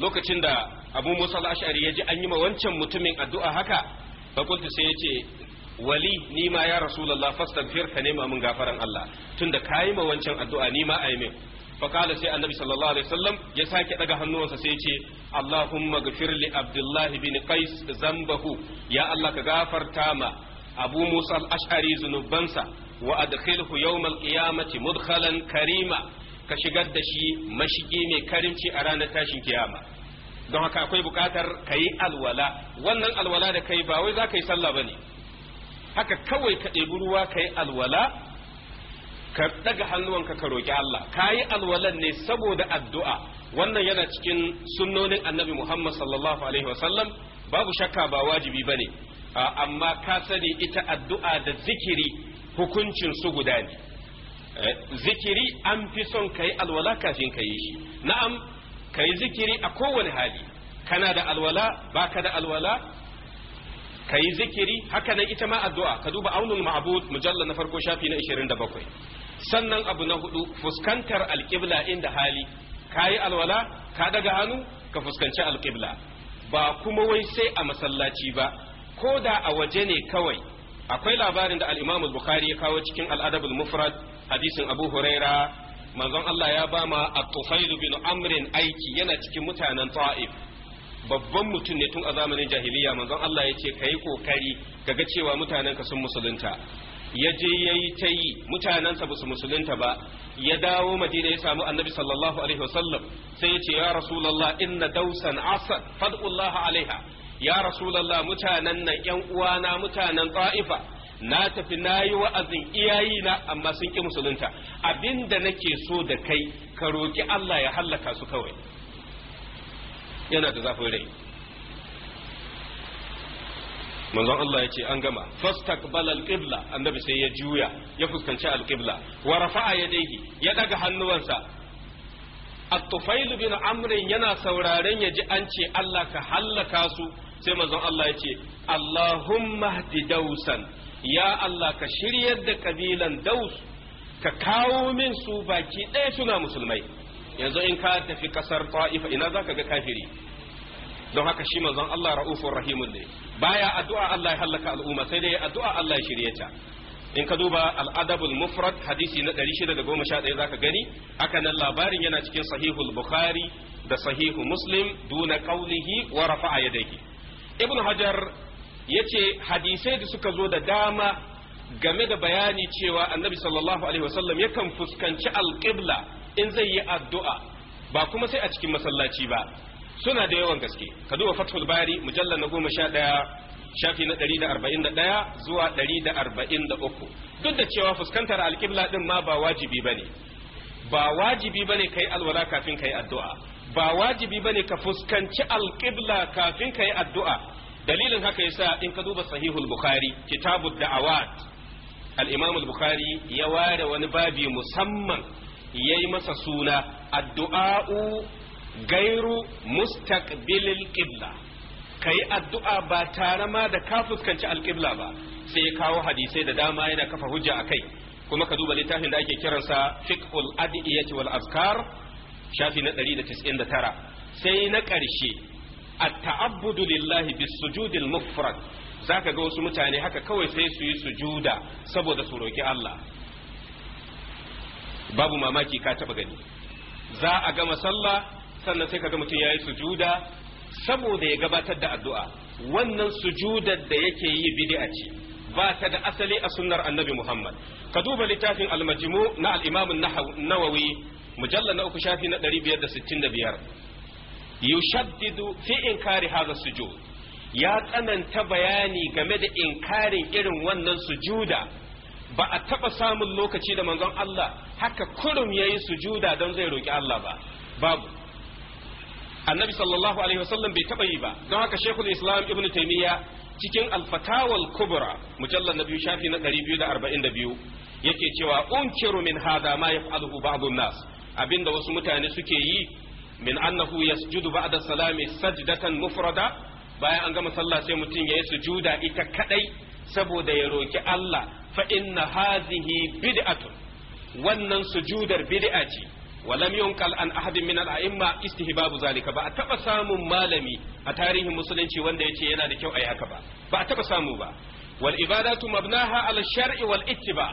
lokacin da abu musa al-ash'ari an yi ma wancan mutumin addu'a haka fa yace wali ni ma ya rasulullah fastaghfir ka nema min gafaran Allah tunda kayi ma wancan addu'a ni ma ayi min sai annabi sallallahu alaihi wasallam ya sake daga hannuwansa sai ce allahumma ghfir li abdullah bin qais zambahu ya Allah ka gafarta ma abu musa al-ash'ari zunubansa wa adkhilhu yawm al-qiyamati mudkhalan karima ka shigar da shi mashigi mai karimci a ranar tashin kiyama don haka akwai bukatar ka yi alwala wannan alwala da kai ba wai za ka yi sallah ba ne haka kawai ka ɗebi ruwa ka yi alwala ka ɗaga hannuwanka ka roƙi Allah ka yi alwalan ne saboda addu'a wannan yana cikin sunnonin annabi Muhammad sallallahu alaihi wasallam babu shakka ba wajibi ba ne amma ka sani ita addu'a da zikiri hukuncin su guda ne eh, zikiri an fi son ka yi alwala kafin ka yi shi na'am ka yi zikiri a kowane hali kana da alwala ba ka da alwala ka zikiri haka nan ita ma addu'a ka duba aunul ma'bud mujalla na farko shafi na 27 sannan abu na hudu fuskantar alƙibla inda hali ka yi alwala ka daga hannu ka fuskanci alƙibla ba kuma wai sai a masallaci ba ko da a waje ne kawai akwai labarin da al-Imam bukhari ya kawo cikin al-Adab mufrad hadisin Abu Huraira manzon Allah ya ba ma at-tufail bin amrin aiki yana cikin mutanen ta'if babban mutum ne tun a zamanin jahiliya manzon Allah ya ce kai kokari kaga cewa mutanen ka sun musulunta ya je yayi ta yi mutanensa ba su musulunta ba ya dawo madina ya samu annabi sallallahu alaihi wasallam sai ya ce ya rasulullah inna dausan asad fadullah alaiha ya rasulullah mutanen nan yan uwana mutanen ta'ifa na tafi na yi wa'azin iyayi na amma sun ƙi musulunta abinda nake so da kai ka roƙi Allah ya hallaka su kawai yana da zafin rai manzon Allah ya ce an gama fastaqbal al-qibla annabi sai ya juya ya fuskanci al-qibla wa rafa'a yadayhi ya daga hannuwansa at-tufail bin amr yana sauraren ya ji an ce Allah ka hallaka su sai manzon Allah ya ce Allahumma hdi dausan ya Allah ka shiryar da kabilan daus ka kawo min su baki ɗaya suna musulmai yanzu in ka tafi kasar ta'ifa ina za ka ga kafiri don haka shi manzon Allah ra'ufur rahimun ne baya addu'a Allah ya halaka al'umma sai dai addu'a Allah ya shirye ta in ka duba al'adabul mufrad hadisi na 611 zaka gani haka nan labarin yana cikin sahihul bukhari da sahihu muslim duna qawlihi wa rafa'a yadayhi ibn hajar Ya ce hadisai da suka zo da dama game da bayani cewa annabi sallallahu alaihi wasallam yakan fuskanci alqibla in zai yi addu'a ba kuma sai a cikin masallaci ba suna da yawan gaske ka duba fathul bari mujalla na goma sha ɗaya shafi na ɗari da arba'in da ɗaya zuwa ɗari da arba'in da uku duk da cewa fuskantar alƙibla ɗin ma ba wajibi ba ne ba wajibi ba ne ka yi alwala kafin ka yi addu'a ba wajibi ba ne ka fuskanci alƙibla kafin ka yi addu'a dalilin haka yasa in ka duba sahihul bukhari kitabu da'awat al-imam al-bukhari ya ware wani babi musamman yayi masa suna addu'a'u gairu mustaqbilil qibla kai addu'a ba tare ma da ka fuskanci alqibla ba sai ya kawo hadisai da dama yana kafa hujja akai kuma ka duba littafin da ake kiransa fiqhul adiyati wal azkar shafi na 199 sai na ƙarshe at-ta'abbudu lillahi bis-sujudil mufrad zaka ga wasu mutane haka kawai sai su yi sujuda saboda su roki Allah babu mamaki ka taɓa gani za a gama sallah sannan sai ka ga mutum ya yayi sujuda saboda ya gabatar da addu'a wannan sujudar da yake yi bid'a ce ba ta da asali a sunnar annabi Muhammad ka duba littafin al-majmu na al-imam an-nawawi mujallal na uku shafi na 565 yushaddidu fi inkari haza sujud ya tsananta bayani game da inkarin irin wannan sujuda ba a taba samun lokaci da manzon Allah haka kurum yayi sujuda don zai roki Allah ba babu annabi sallallahu alaihi wasallam bai taba yi ba don haka shekul islam ibnu taymiya cikin alfatawal kubra mujallar na biyu shafi na 242 yake cewa unkiru min hada ma yaf'aluhu ba'dun nas abinda wasu mutane suke yi min annahu yasjudu ba'da salami sajdatan mufrada bayan an gama sallah sai mutum yayi sujuda ita kadai saboda ya roki Allah fa inna hadhihi bid'atun wannan sujudar bid'a ce walam yunqal an ahadin min al-a'imma istihbabu zalika ba a taba samun malami a tarihin musulunci wanda yace yana da kyau ayi haka ba ba a taba samu ba wal ibadatu mabnaha ala shar'i wal ittiba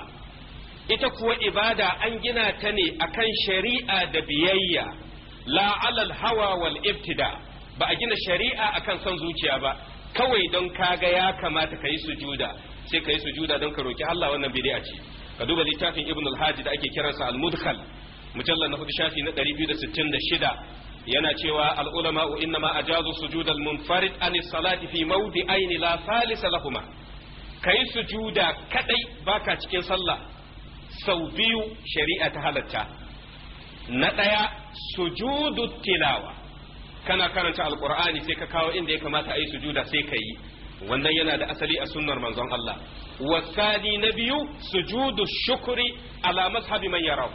ita kuwa ibada an gina ta ne akan shari'a da biyayya la alal hawa wal ibtida ba a gina shari'a akan son zuciya ba kawai don kaga ya kamata ka yi sujuda sai ka yi sujuda don ka roki Allah wannan bid'a ce ka duba littafin ibn al-hajj da ake kiransa al-mudkhal mujallal na hudu shafi na 266 yana cewa al-ulama inna ma ajazu sujud al-munfarid an salati fi mawdi'ain la salisa lahuma kai sujuda kadai baka cikin sallah sau biyu shari'a ta halatta na daya sujudu tilawa kana karanta alqur'ani sai ka kawo inda ya kamata a yi sujuda sai ka yi wannan yana da asali a sunnar manzon Allah wasani na biyu sujudu shukuri ala mazhabi man yarahu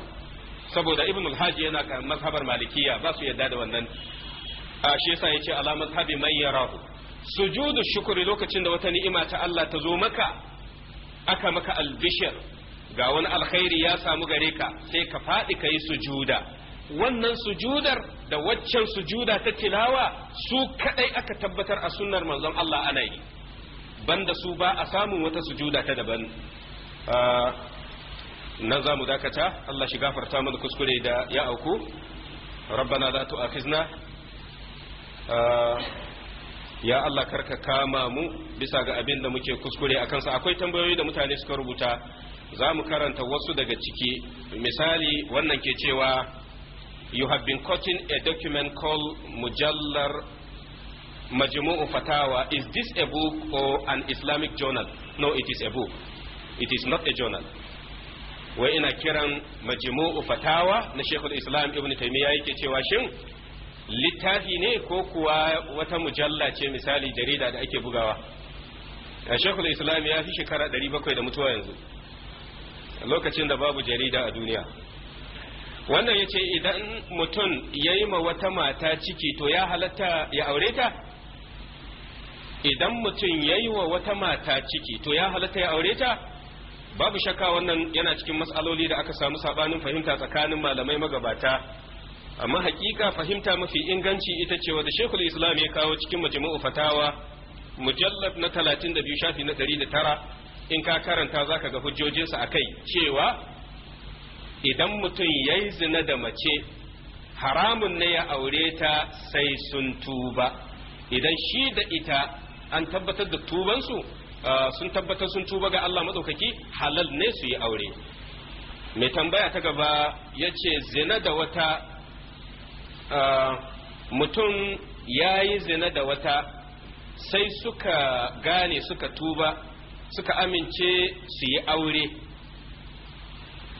saboda ibn al-haji yana kan mazhabar malikiya ba su yadda da wannan shi yasa yace ala mazhabi man yarahu sujudu shukuri lokacin da wata ni'ima ta Allah ta zo maka aka maka albishir ga wani alkhairi ya samu gare ka sai ka faɗi ka yi sujuda wannan sujudar da waccan sujuda ta tilawa su kadai aka tabbatar a sunnar manzon Allah ana yi banda su ba a samun wata sujuda ta daban ah, nan za mu dakata Allah shi gafarta mana kuskure da ya auku rabbana la tu'akhizna ah, ya Allah karka kama mu bisa ga abin da muke kuskure a kansa akwai tambayoyi da mutane suka rubuta za mu karanta wasu daga ciki misali wannan ke cewa you have been quoting a document called Mujallar Majmu'u Fatawa. Is this a book or an Islamic journal? No, it is a book. It is not a journal. Wai ina kiran Majmu'u Fatawa na Sheikhul Islam Ibn Taymiyyah yake cewa shin littafi ne ko kuwa wata mujalla ce misali jarida da ake bugawa. Sheikhul Islam ya fi shekara 700 da mutuwa yanzu. Lokacin da babu jarida a duniya. wannan ya ce idan mutum ya yi ma wata mata ciki to ya halatta ya aure ta idan mutum ya wa wata mata ciki to ya halatta ya aure ta babu shakka wannan yana cikin matsaloli da aka samu sabanin fahimta tsakanin malamai magabata amma hakika fahimta mafi inganci ita ce wadda shekul islam ya kawo cikin majmu'u fatawa mujallad na 32 shafi na 109 in ka karanta zaka ga hujjojinsa akai cewa idan mutum ya yi zina da mace haramun ne ya aure ta sai sun tuba idan shi da ita an tabbatar da tubansu ah, sun tabbatar sun tuba ga Allah maɗaukaki halal ne su yi aure mai tambaya ta gaba ya ce zina da wata ah, mutum ya yi zina da wata sai suka gane suka tuba suka amince su yi aure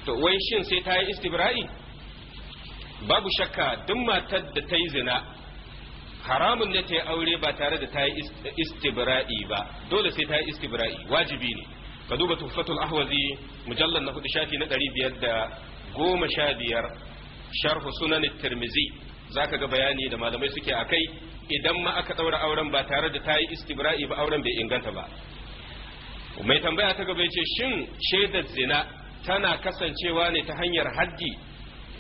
to wai shin sai ta yi istibra'i babu shakka duk matar da ta yi zina haramun ne ta yi aure ba tare da ta yi istibra'i ba dole sai ta yi istibra'i wajibi ne ka duba tuhfatul ahwazi mujallar na hudu shafi na ɗari biyar da goma sha biyar sharhu sunan tirmizi za ka ga bayani da malamai suke a kai idan ma aka ɗaura auren ba tare da ta yi istibra'i ba auren bai inganta ba mai tambaya ta gaba ce shin shaidar zina tana kasancewa ne ta hanyar haddi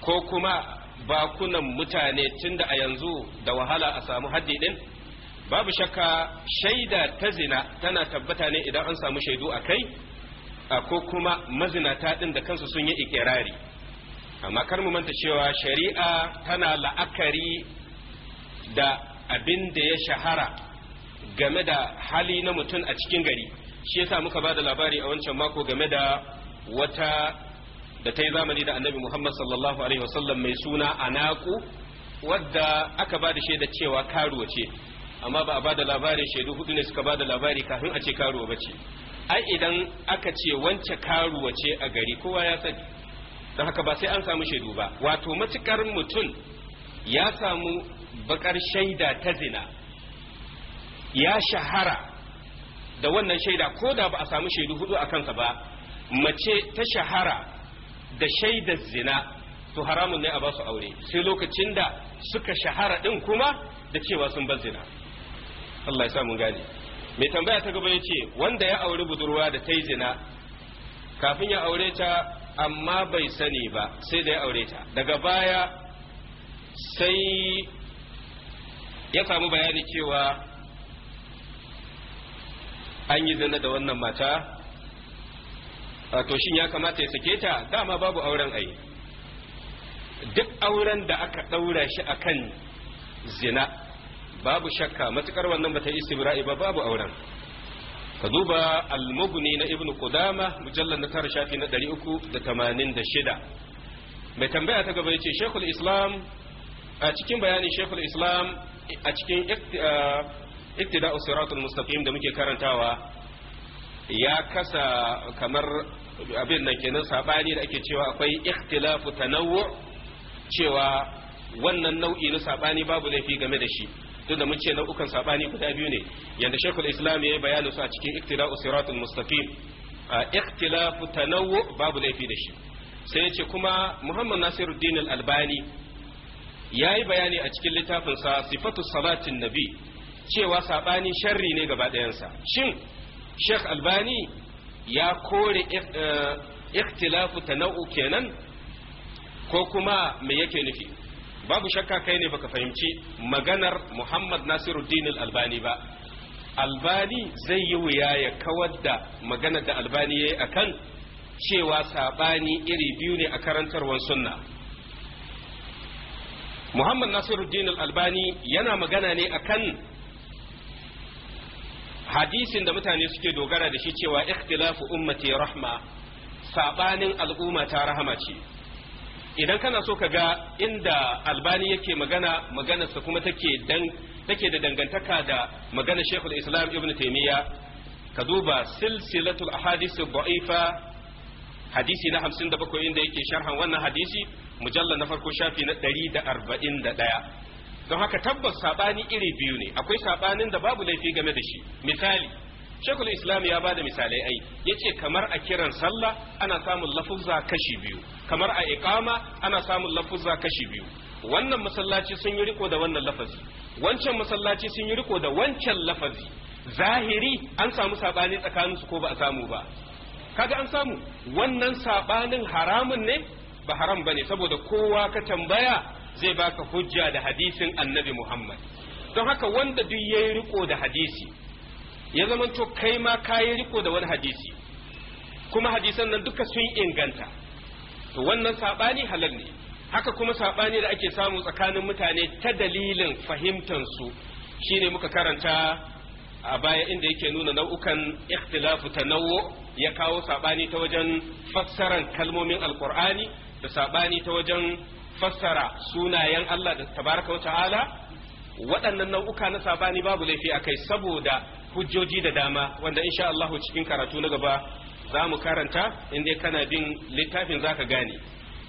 ko kuma bakunan mutane tunda a yanzu da wahala a samu haddi din babu shakka shaida ta zina tana tabbata ne idan an samu shaidu a kai ko kuma mazinata din da kansu sun yi ikirari amma kar mu manta cewa shari'a tana la'akari da abin da ya shahara game da hali na mutum a cikin gari shi yasa muka ba da labari a wancan mako game da wata da ta yi zamani da annabi muhammad sallallahu alaihi wasallam mai suna a anaku wadda aka ba da shaida cewa karuwa ce amma ba a ba da labarin shaidu hudu ne suka ba da labari kafin a ce karuwa ba ce ai idan aka ce wance karuwa ce a gari kowa ya sani don haka ba sai an samu shaidu ba wato matukar mutum ya samu bakar shaida ta zina ya shahara da wannan shaida ko da ba a samu shaidu hudu a kansa ba mace ta shahara da shaidar zina to haramun ne a ba su aure sai lokacin da suka shahara din kuma da cewa sun bar zina Allah ya sa mun gane mai tambaya ta gaba yace wanda ya auri budurwa da ta yi zina kafin ya aure ta amma bai sani ba sai da ya aure ta daga baya sai ya samu bayani cewa an yi zina da wannan mata to shin ya kamata ya sake ta dama babu auren ai duk auren da aka ɗaura shi akan zina babu shakka matukar wannan bata istibra'i ba babu auren ka duba al-mughni na ibnu qudama mujallal na tara shafi na 386 mai tambaya ta gaba yace shaykhul islam a cikin bayanin shaykhul islam a cikin iktida'us siratul mustaqim da muke karantawa ya kasa kamar abin nan kenan sabani da ake cewa akwai ikhtilafu tanawwu cewa wannan nau'i na sabani babu laifi game da shi duk da mun ce nau'ukan sabani guda biyu ne yanda shekul islam ya yi bayani su a cikin ikhtilafu siratul mustaqim ikhtilafu tanawwu babu laifi da shi sai yace kuma muhammad nasiruddin al-albani ya yi bayani a cikin littafin sa sifatu salatin nabi cewa sabani sharri ne gaba ɗayansa shin sheikh albani ya kore eh, ikhtilafu tanau kenan ko kuma me yake nufi babu shakka kai ne baka fahimci maganar Muhammad Nasiruddin albani ba Albani zai yi wuya ya kawar da magana da Albani yayi akan cewa sabani iri biyu ne a karantarwar sunna Muhammad Nasiruddin albani yana magana ne akan hadisin da mutane suke dogara da shi cewa ikhtilafu ummati rahma sabanin al'umma ta rahama ce idan kana so ka ga inda albani yake magana maganarsa kuma take dan take da dangantaka da maganar shekul islam ibn taimiyya ka duba silsilatul ahadith da'ifa hadisi na 57 inda yake sharhan wannan hadisi mujalla na farko shafi na 141 don haka tabbas sabani iri biyu ne akwai sabanin da babu laifi game da shi misali shekul islam ya bada misalai ai ce kamar a kiran sallah ana samun lafuzza kashi biyu kamar a iqama ana samun lafuzza kashi biyu wannan masallaci sun yi riko da wannan lafazi wancan masallaci sun yi riko da wancan lafazi zahiri an samu sabani tsakanin su ko ba a samu ba kaga an samu wannan sabanin haramun ne ba haram bane saboda kowa ka tambaya zai baka hujja da hadisin annabi Muhammad don haka wanda duk yayi riko da hadisi ya to kai ma kayi riko da wani hadisi kuma hadisan nan duka sun inganta to wannan sabani halal ne haka kuma sabani da ake samu tsakanin mutane ta dalilin fahimtar su shine muka karanta a baya inda yake nuna nau'ukan ikhtilafu tanawwu ya kawo sabani ta wajen fassaran kalmomin alqur'ani da sabani ta wajen fassara sunayen Allah da tabaraka wa ta'ala waɗannan nau'uka na sabani babu laifi a kai saboda hujjoji da dama wanda insha Allah cikin karatu na gaba za mu karanta inda kana bin littafin zaka gane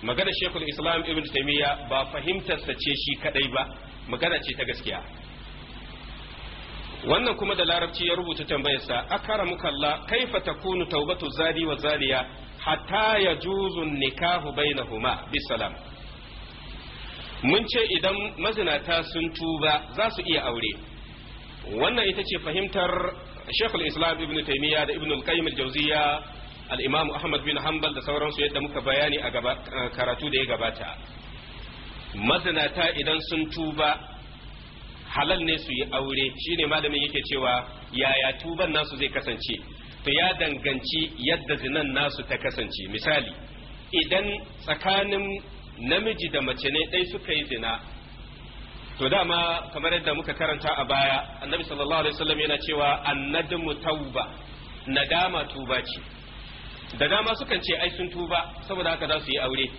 magana shekul islam ibn taimiyya ba fahimtarsa ce shi kadai ba magana ce ta gaskiya wannan kuma da larabci ya rubuta tambayarsa akara mukalla kaifa kunu taubatu zari wa zaliya hatta juzun nikahu bainahuma bisalam mun ce idan mazinata sun tuba za su iya aure wannan ita ce fahimtar shekul islam ibn taimiyya da ibn al-qayyim al-jawziya al-imam ahmad bin hanbal da sauransu yadda muka bayani a karatu da ya gabata mazinata idan sun tuba halal ne su yi aure shine malamin yake cewa yaya tuban nasu zai kasance to ya danganci yadda zinan nasu ta kasance misali idan tsakanin namiji da mace ne ɗai suka yi zina to dama kamar yadda muka karanta a baya annabi sallallahu alaihi wasallam yana cewa annadmu tauba nadama tuba ce da dama sukan ce ai sun tuba saboda haka za su yi aure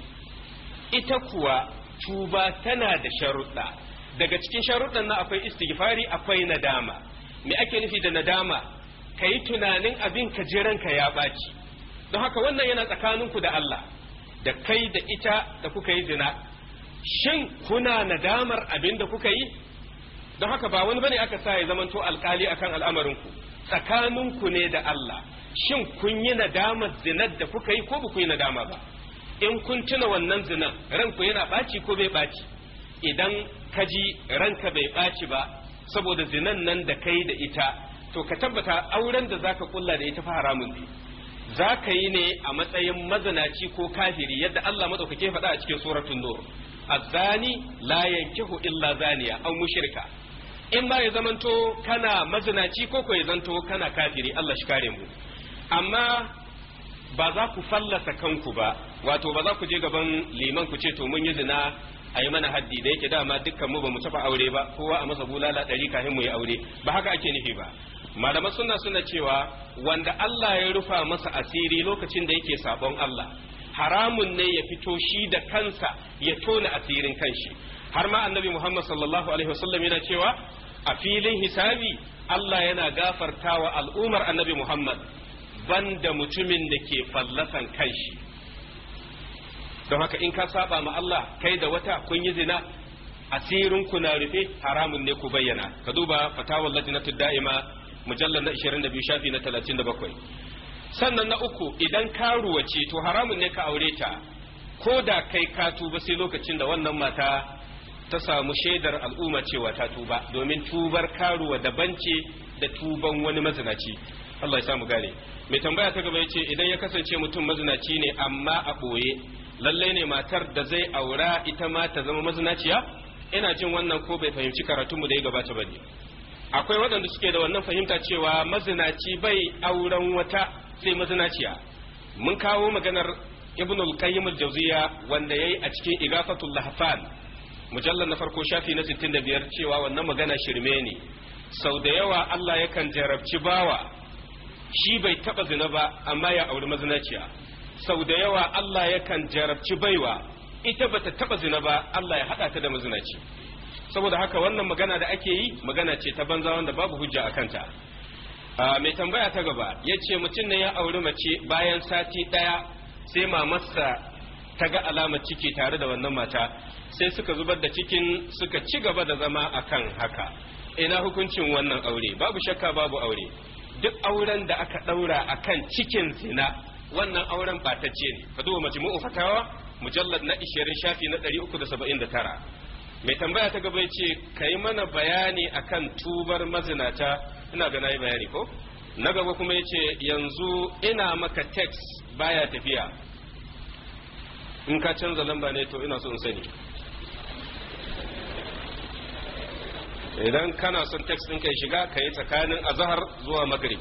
ita kuwa tuba tana da sharuɗa daga cikin sharuɗan na akwai istighfari akwai nadama me ake nufi da nadama ka tunanin abin ka ji ranka ya baci don haka wannan yana tsakaninku da Allah da kai da ita da kuka yi zina shin kuna nadamar abin da kuka yi don haka ba wani bane aka sa ya zamanto alkali akan al'amarinku tsakaninku ne da Allah shin kun yi nadamar zinar da kuka yi ko ba ku yi nadama ba in kun tuna wannan zinar ranku yana ɓaci ko bai ɓaci idan ka ji ranka bai ɓaci ba saboda zinan nan da kai da ita to ka tabbata auren da zaka kulla da ita fa haramun ne za ka yi ne a matsayin mazinaci ko kafiri yadda Allah maɗaukake faɗa a cikin suratun nur azani la yankihu illa zaniya aw mushrika in ba ya zamanto kana mazinaci ko ko ya zanto kana kafiri Allah shi kare mu amma ba za ku fallasa kanku ba wato ba za ku je gaban liman ku ce to mun yi zina a yi mana haddi da yake dama dukkan mu ba mu tafi aure ba kowa a masa bulala ɗari kafin mu yi aure ba haka ake nufi ba malaman suna suna cewa wanda Allah ya rufa masa asiri lokacin da yake sabon Allah haramun ne ya fito shi da kansa ya tona asirin kanshi har ma annabi Muhammad sallallahu alaihi wasallam yana cewa a filin hisabi Allah yana gafartawa al'umar annabi Muhammad banda mutumin da ke fallasan kanshi don haka in ka saba ma Allah kai da wata kun yi zina asirin ku na rufe haramun ne ku bayyana ka duba fatawar lajnatud da'ima mujallar na 22 shafi na 37 sannan na uku idan karuwa ce to haramun ne ka aure ta ko da kai ka tuba sai lokacin da wannan mata ta samu shaidar al'umma cewa ta tuba domin tubar karuwa daban ce da tuban wani mazinaci Allah ya samu gane mai tambaya ta gaba yace idan ya kasance mutum mazinaci ne amma a boye lallai ne matar da zai aura ita ma ta zama mazinaciya ina jin wannan ko bai fahimci karatunmu da ya gabata ba ne. akwai waɗanda suke da wannan fahimta cewa mazinaci bai auren wata sai mazinaciya mun kawo maganar ibn al-qayyim al-jawziya wanda yayi a cikin igafatul lahfan mujallal na farko shafi na 65 cewa wannan magana shirme ne sau da yawa Allah yakan jarabci bawa shi bai taba zina ba amma ya auri mazinaciya sau da yawa Allah yakan jarabci baiwa ita bata taba zina ba Allah ya hada ta da mazinaci saboda haka wannan magana da ake yi magana ce ta banza wanda babu hujja a kanta mai tambaya ta gaba ya ce mutum ne ya auri mace bayan sati ɗaya sai mamarsa ta ga alamar ciki tare da wannan mata sai suka zubar da cikin suka ci gaba da zama a kan haka ina hukuncin wannan aure babu shakka babu aure duk auren da aka ɗaura akan cikin zina wannan auren ba ta ce ne ka duba majmu'u fatawa mujallad na 20 shafi na 379 mai tambaya ta gaba ce kai mana bayani akan tubar mazinata ina ga yi bayani ko na gaba kuma yace yanzu ina maka text baya tafiya in ka canza lamba ne to ina so in sani idan kana son text ɗin ka shiga ka yi tsakanin azahar zuwa magrib